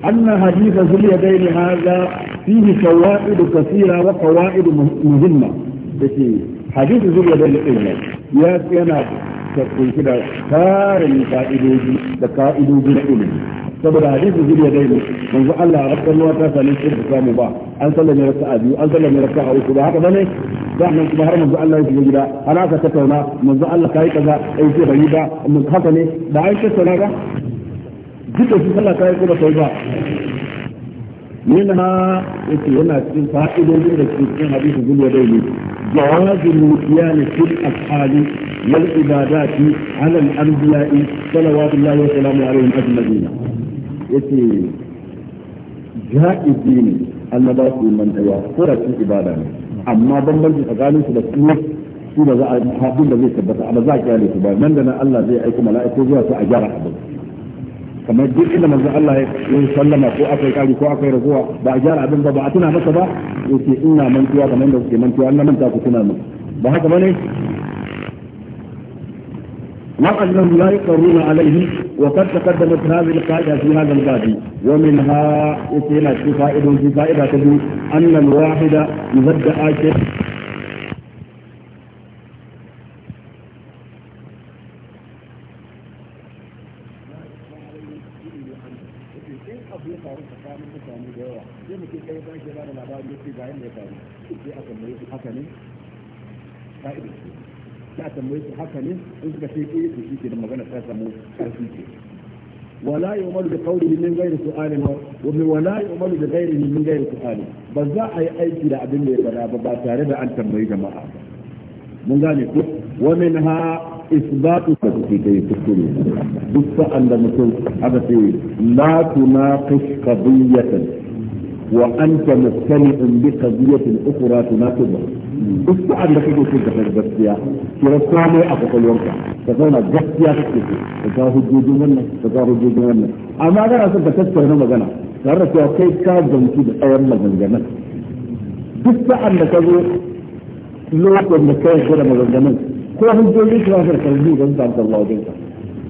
أن حديث ذو اليدين هذا فيه فوائد كثيرة وقواعد مهمة التي حديث ذو اليدين الأولى يا سينا تكون كده كارن قائدوجي لقائدوجي الأولى saboda hadisi zuriya dai ne yanzu Allah a rakkar ruwa ta sami shi da samu ba an sallame raka a biyu an sallame raka a uku ba haka bane nan kuma har manzo Allah ya shiga gida har aka tattauna manzo Allah kai kaza ai ce bai ba haka ne da ai tattauna ba duka su sallah ta yi ko ba ta yi ba منها يتينا في فائد من السلطان حديث ذو اليدين جواز النسيان في الأفعال والعبادات على الأنبياء صلوات الله وسلامه عليهم أجمعين ان جائزين النبات من أيوة فرص العبادة أما ضمن أغاني سلسلة سورة محابين الذي ثبت على ذاك يعني من لنا الله زي أيكم ملائكة زي أجارة حبيب kamar duk inda manzo Allah ya yi sallama ko akai kari ko akai raguwa ba a gyara abin ba ba a tuna masa ba yace ina mantuwa kamar da suke mantuwa Allah manta ku tuna mu ba haka bane وأنهم لا يقرون عليه وقد تقدمت هذه القاعدة في هذا الباب ومنها في فائدة في فائدة أن الواحد يبدأ شيئا ولا يؤمن بقوله من غير سؤال ولا يؤمن بغيره من غير سؤال بل ذا أي أيدي لأبن يبرا ببا تاربا أن تنبي جماعة من ذلك ومنها إثبات تسكيكي تسكيكي بس أن المثل هذا في لا تناقش قضية وأنت مقتنع بقضية أخرى تناقضها duk sa'an da kake so ka gaskiya kira komai a kwakwalwarka ka zauna gaskiya kake so ka ga hujjojin wannan ka ga hujjojin wannan amma kana son ka tattauna magana tare da cewa kai ka zanci da tsawon maganganun duk sa'an da ka zo lokacin da kai da maganganun ko hujjojin ka za ka karbi don ka Allah wajen ka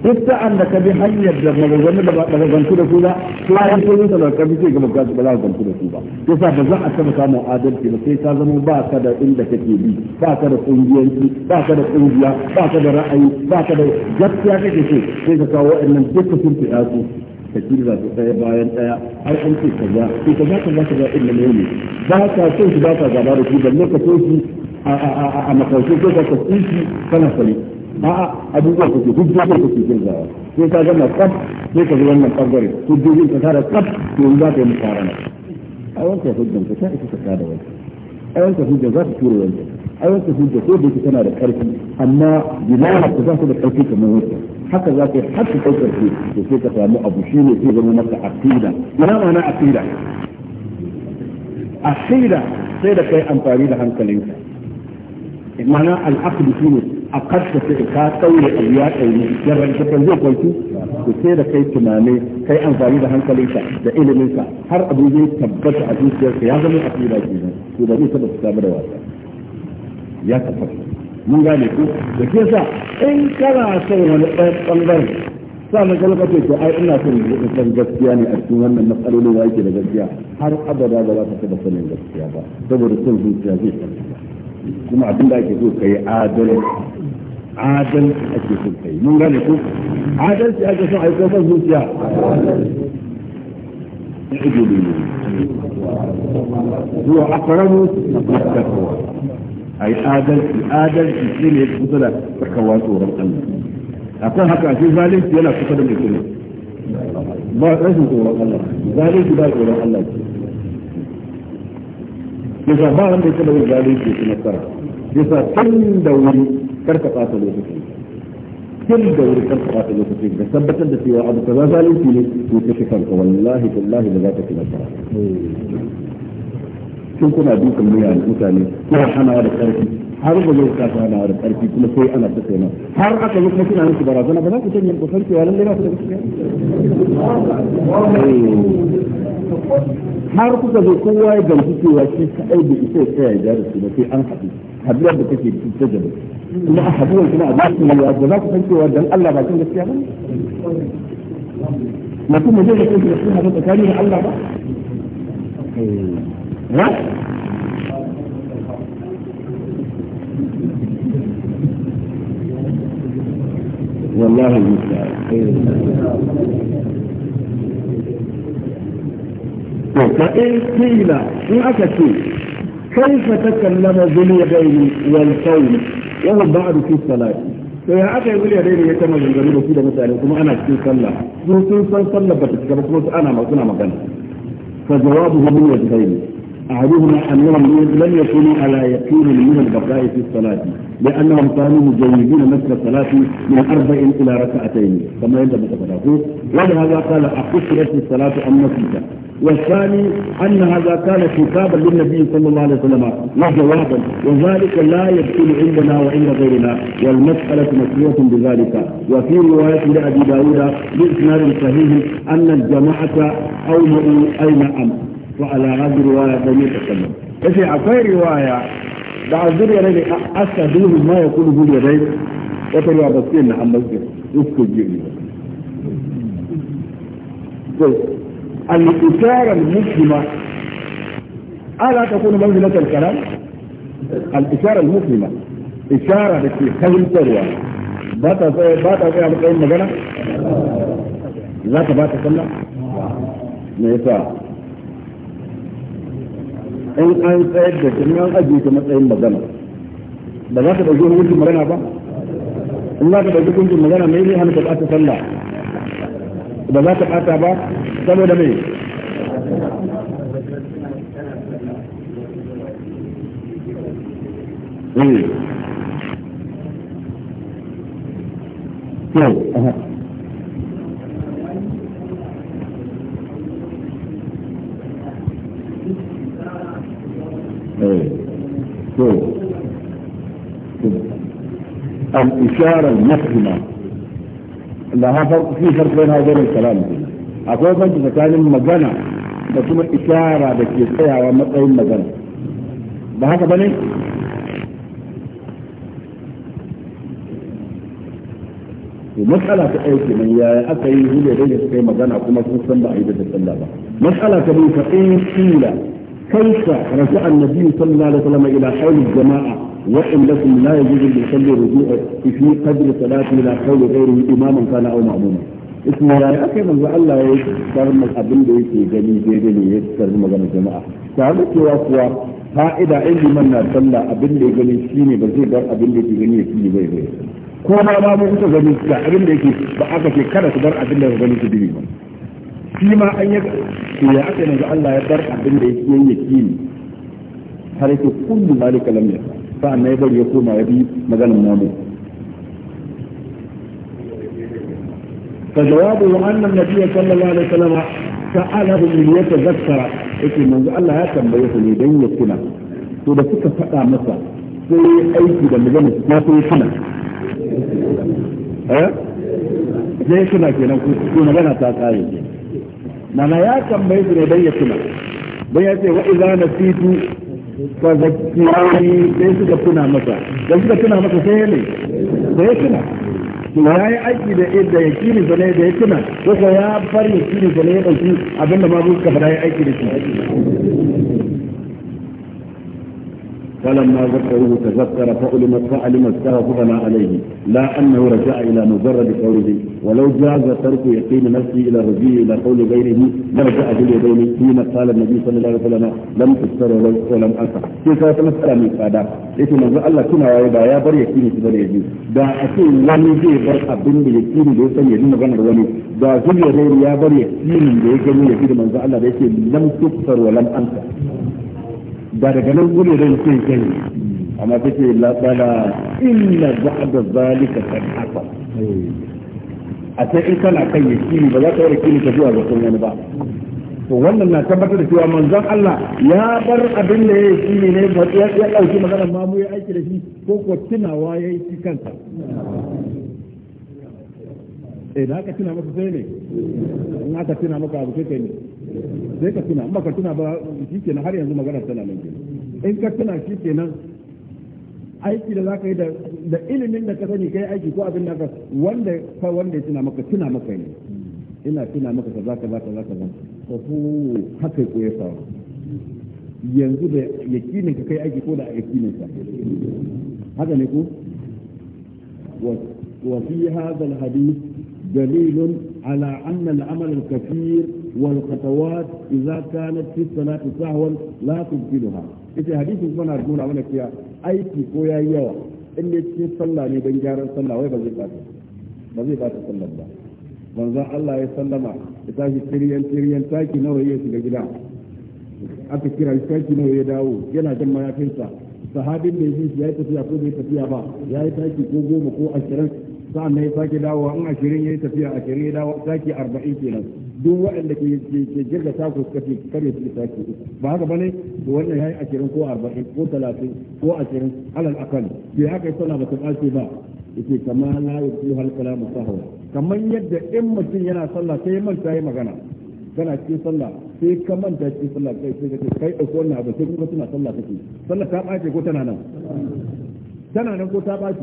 duk sa'an da ka bi hanyar da maganganu da ba gantu da su ba to an so yin sanar ka bi sai ga ba za ka gantu da su ba yasa ba za a taba samun adalci ba sai ka zama ba ka da inda kake bi ba ka da kungiyanci ba ka da kungiya ba ka da ra'ayi ba ka da gaskiya kake so sai ka kawo waɗannan duka sun fi yasu ka kirga su ɗaya bayan ɗaya har an ce ka kaza to kaza kaza kaza inda ne ne ba ka so shi ba ka gaba da shi balle ka so shi a a a a makauce ko ka ka kana fari a'a abubuwa kake hujjoji kake jin zawa sai ka gama tsaf sai ka ga wannan bangare hujjojin ka tara tsaf to in za ka yi mukarana ai wanka hujjan ka ta isa ka da wani ai wanka hujjan za ta tura wani ai wanka hujja ko da tana da karfi amma bilala ka za ta da karfi kamar wata haka za ka yi har ka kai karfi to sai ka samu abu shi ne sai zama maka aqida ina ma'ana aqida aqida sai da kai amfani da hankalinka ma'ana al-aqd shine a karta ka tsaure a ya tsauri ya ranta kan zai kwanci to sai da kai tunani kai amfani da hankalinka da iliminka har abu zai tabbata a ka ya zama akida kenan to ba zai taba da wasa ya tabbata mun gane ku da ke sa in kana son wani bangare sa na galba ce to ai ina son in san gaskiya ne a cikin wannan matsaloli wa yake da gaskiya har abada ba za ka taba sanin gaskiya ba saboda son zuciya zai tabbata kuma abin da ake so ka yi adalci ake so ka yi mun gane ko adalci ake so a yi kofar zuciya zuwa a faramu a yi adalci adalci shi ne ya kusa da tsakawa tsoron a akwai haka shi yana kusa da mai kuma ba rashin tsoron Allah zalinci ba tsoron Allah ce yasa ba wanda ya taɓa yin ke shi nasara yasa tun da wuri karka fata lokacin tun da wuri karka fata lokacin da tabbatar da cewa abu kaza zalunci ne to ta shi kanka wallahi wallahi da za ka ci nasara hmm. tun kuna dukan muya mutane kuna hanawa da ƙarfi har da zai kasa ana da karfi kuma sai ana ta kai har aka yi kuma kina miki barazana ba za ku sanya ku san cewa lalle ba ku da gaskiya har kuka zo kowa ya gamsu cewa shi kaɗai da isa ya tsaya ya gyara su ba sai an haɗu haɗuwar da take cikin ta gaba kuma a haɗuwar kuma a za ku yi ba za ku san cewa dan Allah ba kin gaskiya ba mutum ne zai ga kansa da suna da tsakani da Allah ba والله المستعان فإن قيل كيف تكلم ذلي غيري والكون وهم بعد في الصلاة فيا أخي يقول يا ريني يتم الجنوب كده مثلا ثم أنا أكتو صلى ثم صلى بتك فقلت أنا ما كنا مكان فجوابه هو غيري أحدهما أنهم لم يكونوا على يقين من البقاء في الصلاة لأنهم كانوا مجيدين مثل الصلاة من أربع إلى ركعتين كما يندب تفرقه ولهذا قال أقصرت الصلاة أم نسيت والثاني أن هذا كان كتابا للنبي صلى الله عليه وسلم وجوابا وذلك لا يدخل عندنا وعند غيرنا والمسألة مسلوة بذلك وفي رواية لأبي داود بإسناد صحيح أن الجماعة أومئوا أين نعم. أمر وعلى هذه الرواية ضمير تكلم يسي عفاي رواية بعد ذلك يدي أسعدوه ما يكون ذو يدي وتروا بسين نعم عن مسجد يسكت جئني طيب. الإشارة المسلمة ألا تكون منزلة الكلام الإشارة المسلمة إشارة التي خزم تروى باتا باتا فيها مقايم مجانا لا تباتا سنة ما يسا in an tsayar da shi an ajiye ta matsayin magana ba za ka ɗauki hukuncin magana ba in za ka ɗauki hukuncin magana mai ne hannu ta ɓata sallah ba za ka ɓata ba saboda mai eh. Yau, Eh, to an isharar masina da hafar fi farkon hajjar salam akwai banki tsakanin magana da kuma isharar da ke tsayawa matsayin magana ba haka ba ne? matsala ta aiki mai yaya aka yi hulɗe da suka yi magana kuma sun san ba a yi da tsalla ba matsala ta bai ka in shi كيف رجع النبي صلى الله عليه وسلم إلى حول الجماعة وإن لكم لا يجوز ان يصلي رجوع في قدر صلاة إلى حول غيره إماما كان أو مأموما اسم يا أخي من الله يكثر من أبن بيتي جميل جميل يكثر من الجماعة تعالوا كوا fa'ida in liman na sallah abin da ya gani shi ne ba zai bar abin da yake gani ya fi bai bai ko ma ma mun gani ga abin da yake shi ma an yi to ya aka yanzu Allah ya bar abin da yake yin ne har yake kullu zalika lam yasa sa'an ya bari ya koma ya bi maganar namu فجوابه أن النبي صلى الله عليه bi ya tazakkara yake manzo Allah ya tambaye su ne dan ya tuna to da suka faɗa masa sai aiki da magana su ta sai tuna eh sai tuna kenan ko magana ta kare ne mana ya tambaye su ne bayyana ya tuna dan ya ce wa idza nasitu fa zakkirani sai suka tuna masa dan suka tuna masa sai ne sai ya tuna ya yi aiki da yadda ya kiri zane da ya tuna ko ya fari ya kiri zane ya ɗauki abinda ma buka fara ya aiki da shi فلما ذكروه تذكر فعلم فعلم استهفنا عليه لا انه رجع الى مجرد قوله ولو جاز ترك يقين نفسي الى الرجوع الى قول غيره لرجع باليدين فيما قال النبي صلى الله عليه وسلم لم تستر ولم اسع كيف يتمثل من قاده يتي من الله كنا ويبا يا بر يقين تبر يجي دا اكيد لم يجي بر ابن يقين دو سن يجي مغنى ولي دا زل يا بر يقين دو يجي من الله دا يتي لم تستر ولم اسع ba daga nan gure ran sai kai amma take la bala inna ba'da zalika kan haka a sai in kana kan kini ba za ka yi kini ka zuwa ga sun wani ba to wannan na tabbatar da cewa manzon Allah ya bar abin da ya yi ne ba ya ɗauki maganar mamu ya aiki da shi ko ko tunawa ya yi shi kansa eh da haka tuna masa sai ne in haka tuna maka abu sai ne sai ka tuna amma ka tuna ba shi ke har yanzu magana tana nan kenan in ka tuna shi ke nan aiki da za ka yi da ilimin da ka sani kai aiki ko abin da ka wanda ka wanda ya tuna maka tuna maka ne ina tuna maka ka za ka za ka za ka za ka fu haka ko ya faru yanzu da yakinin ka kai aiki ko da yakinin ka haka ne ko wa fi hadha al-hadith dalilun على أن العمل الكثير والخطوات إذا كانت في الصلاة سهوا لا تبطلها إذا حديث منا تقول عملك يا أيتي كويا يوا إني تشين صلى لي جار صلى وي بزيبات بزيبات صلى الله manzon Allah ya sallama ya tashi tiriyan tiriyan taki nawa ya shiga gida aka kira shi taki nawa ya dawo yana jan mayafinsa sahabin da ya ji ya yi tafiya ko bai tafiya ba ya yi taki ko goma ko ashirin sa'an ya sake dawowa in ashirin ya yi tafiya ashirin ya dawo sake arba'in kenan duk waɗanda ke ke jirga taku suka ce kare su sake ba haka bane wannan ya yi ashirin ko arba'in ko talatin ko ashirin alal akal bai haka yi sana ba ta ɓace ba yake kama la yusu hal kalamu sahwa kamar yadda in mutum yana sallah sai manta yi magana kana cikin sallah sai ka manta cikin sallah kai sai ka kai ɗauko wannan abu sai kuma suna sallah kake sallah ta ɓace ko tana nan tana nan ko ta ɓace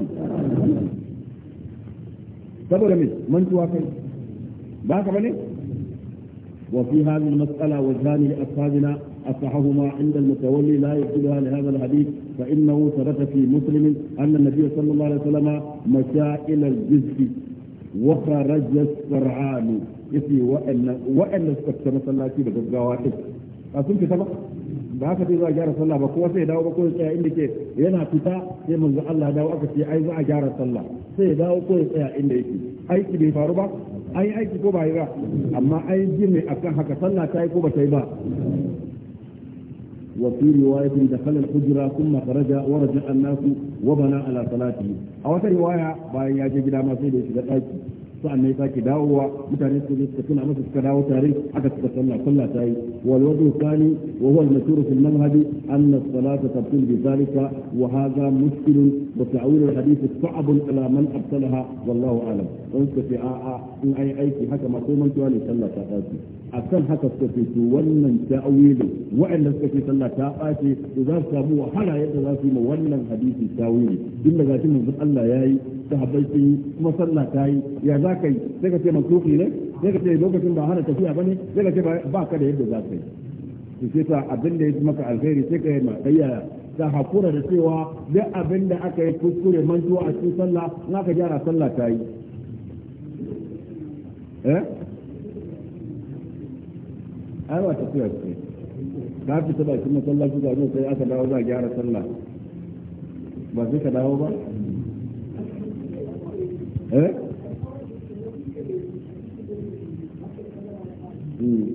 saboda me mantuwa kai ba ka bane وفي هذه المسألة وجهان لأصحابنا أصحهما عند المتولي لا يقبلها لهذا الحديث فإنه ثبت في مسلم أن النبي صلى الله عليه وسلم مشى إلى الجزء وخرج السرعان يسي وأن وأن استكتب صلى الله عليه وسلم أكون كتبه ba haka zai zo a gyara sallah ba kowa sai ya dawo ba ko ya tsaya inda ke yana fita sai manzo Allah dawo aka ce ai za a gyara sallah sai ya dawo ko ya tsaya inda yake aiki bai faru ba an aiki ko ba yi ba amma ai yi mai akan haka sallah ta yi ko ba ta yi ba وفي رواية wa bana ثم a wata riwaya bayan ya je gida ma sai da جدنا shiga daki sa'an ne sake dawowa mutane su zo suka tuna masa suka dawo tare aka suka sallah sallah ta yi wal wajhu thani wa huwa al mashhur fi al manhaj anna as salata tabtul bi zalika wa hadha mushkil wa ta'wil al hadith sa'ab ila man abtalaha wallahu a'lam in ka fi a'a in ai aiki haka ma ko mantuwa ne sallah ta dace akan haka suka ce to wannan ta'awilin waɗanda suka ce sallah ta ɓace to za su samu wahala yadda za su yi ma wannan hadisi ta'awili duk da gashi mun Allah yayi sahabbai sun yi kuma sallah ta yi ya za ka yi sai ka ce ne sai ka ce lokacin ba hana tafiya bane sai ka ce ba ka da yadda za ka yi to sai ta abin da ya ji maka alheri sai ka yi ma kayya ta hakura da cewa duk abin da aka yi kuskure mantuwa a cikin sallah naka aka gyara sallah ta yi eh ai ba tafiya ce ka fita bakin masallaci ga sai aka dawo za a gyara sallah ba sai ka dawo ba eh hmm.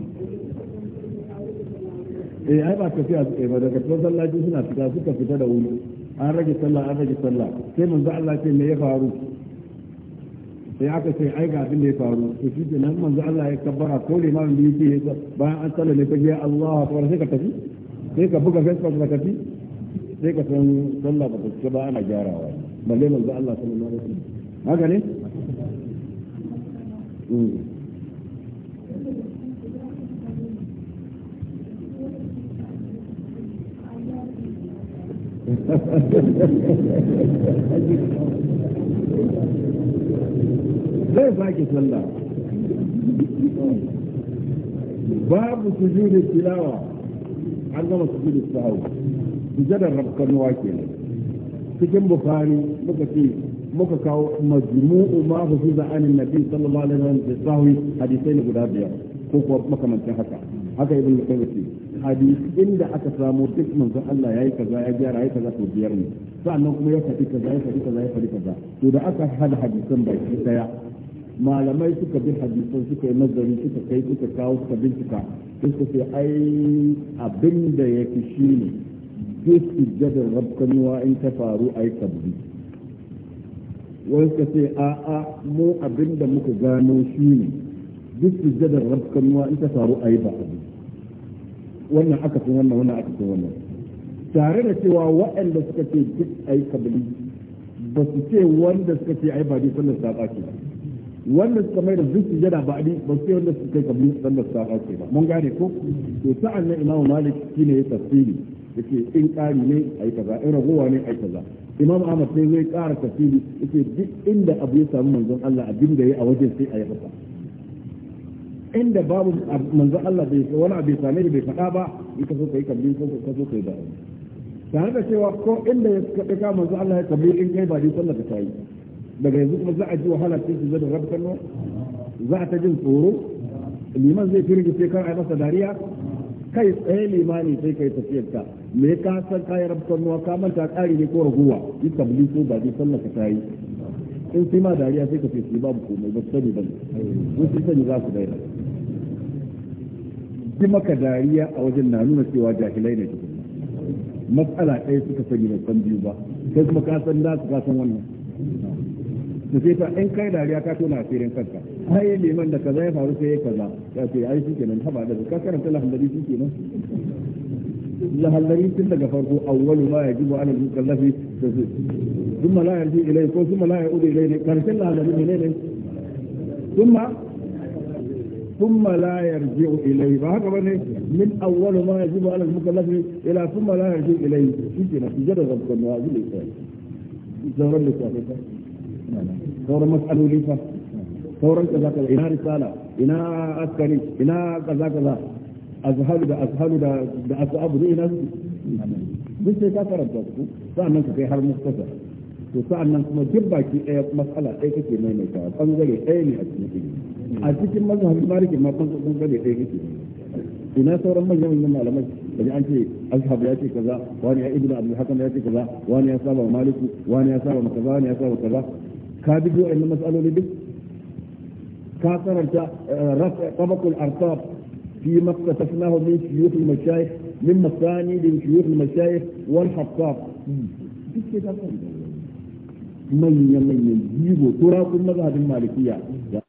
eh ai ba tafiya eh ba daga masallaci suna fita suka fita da wuri an rage sallah an rage sallah sai manzo Allah ce me ya faru sai aka ce ai ga abin da ya faru to shi ke nan manzo Allah ya kabbara ko limamin da yake bayan an sallame ka ji Allahu akbar sai ka tafi sai ka buga Facebook da tafi sai ka san sallah ba ta ba ana gyarawa balle manzo Allah sallallahu alaihi wasallam haka ne Thank hmm. you. zai sake sallah babu sujudi tilawa an gama sujudi sahu sujadar rabkanuwa kenan cikin bukhari muka ce muka kawo majmu'u ma hufiza anin nabi sallallahu alaihi wasallam da sahu hadisai ne guda biyar ko kuwa makamancin haka haka ibn qayyim hadis inda aka samu duk manzon Allah yayi kaza ya gyara yayi kaza to biyar ne sannan kuma ya faɗi kaza ya faɗi kaza ya faɗi kaza to da aka hada hadisan baki daya malamai suka bi hadisan suka yi nazari suka kai suka kawo suka bincika sai suka ce ai abin da ya fi shi ne duk sujjadar rabkanuwa in ta faru ai kabbi wai suka ce a'a mu abin da muka gano shi ne duk sujjadar rabkanuwa in ta faru ai ba wannan aka fi wannan wannan aka fi wannan tare da cewa waɗanda suka ce duk ai kabli ba su ce wanda suka ce ai ba duk wannan saɓa ke. ba wanda suka mai da duk sujada ba ni ba sai wanda suka kai kabli sallar safa ce ba mun gane ko to sa'an nan imamu malik shine ya tafsiri yace in ƙari ne ai kaza in ragowa ne ai kaza imam ahmad sai zai ƙara tafsiri yace duk inda abu ya samu manzon Allah abin da yayi a wajen sai ayi haka inda babu manzon Allah bai wani abu ya same bai faɗa ba in ka so kai kabli ko ka so kai da tare da cewa ko inda ya kaɗa manzon Allah ya kabli in kai ba dai sallar ta yi daga yanzu kuma za a ji wahala cikin su zai rabu ruwa za a ta jin tsoro liman zai firgi sai kan ai masa dariya kai tsaye limani sai kai tafiyar ka me ka san kayan rabu ruwa ka manta ƙari ne ko raguwa yi tabli ko ba zai sallah ka tayi in sai ma dariya sai ka fesi babu komai ba sani ba ne sun sani za su daina ji maka dariya a wajen na nuna cewa jahilai ne tukuna matsala ɗaya suka sani da san biyu ba sai kuma ka san da su ka san wannan da sai ta in kai dariya ka tona firin kanka ai yayin liman da kaza ya faru sai ya kaza ya ce ai shike nan haba da ka karanta alhamdulillah shike nan la halari tun daga farko awwalu ma yajibu ala al-mukallafi thumma la yarji ilai ko thumma la yaudu ilayhi karshe la lahalari ne ne thumma thumma la yarji ilai ba haka bane min awwalu ma yajibu ala al-mukallafi ila thumma la yarji ilai shike nan jira da zamkan wa zai kai zaman da ta sauran matsaloli sa sauran kaza kaza ina risala ina askari ina kaza kaza azhalu da azhalu da da asabu ina su duk sai ka karanta su sa'annan ka kai har mustafa to sa'annan kuma duk baki ɗaya matsala ɗaya kake maimaita bangare ɗaya ne a cikin ilimi a cikin mazhabin maliki ma bangare ɗaya kake ina sauran manyan manyan malamai daga an ce ashab ya ce kaza wani ya ibnu abdul hakam ya ce kaza wani ya saba maliku wani ya saba kaza wani ya saba kaza كابدو ان مسألة لبس كاثر آه، رفع طبق الأرطاب فيما اقتصفناه من شيوخ المشايخ مما الثاني من شيوخ المشايخ والحطاب من يمين يجيبوا ترى كل المالكية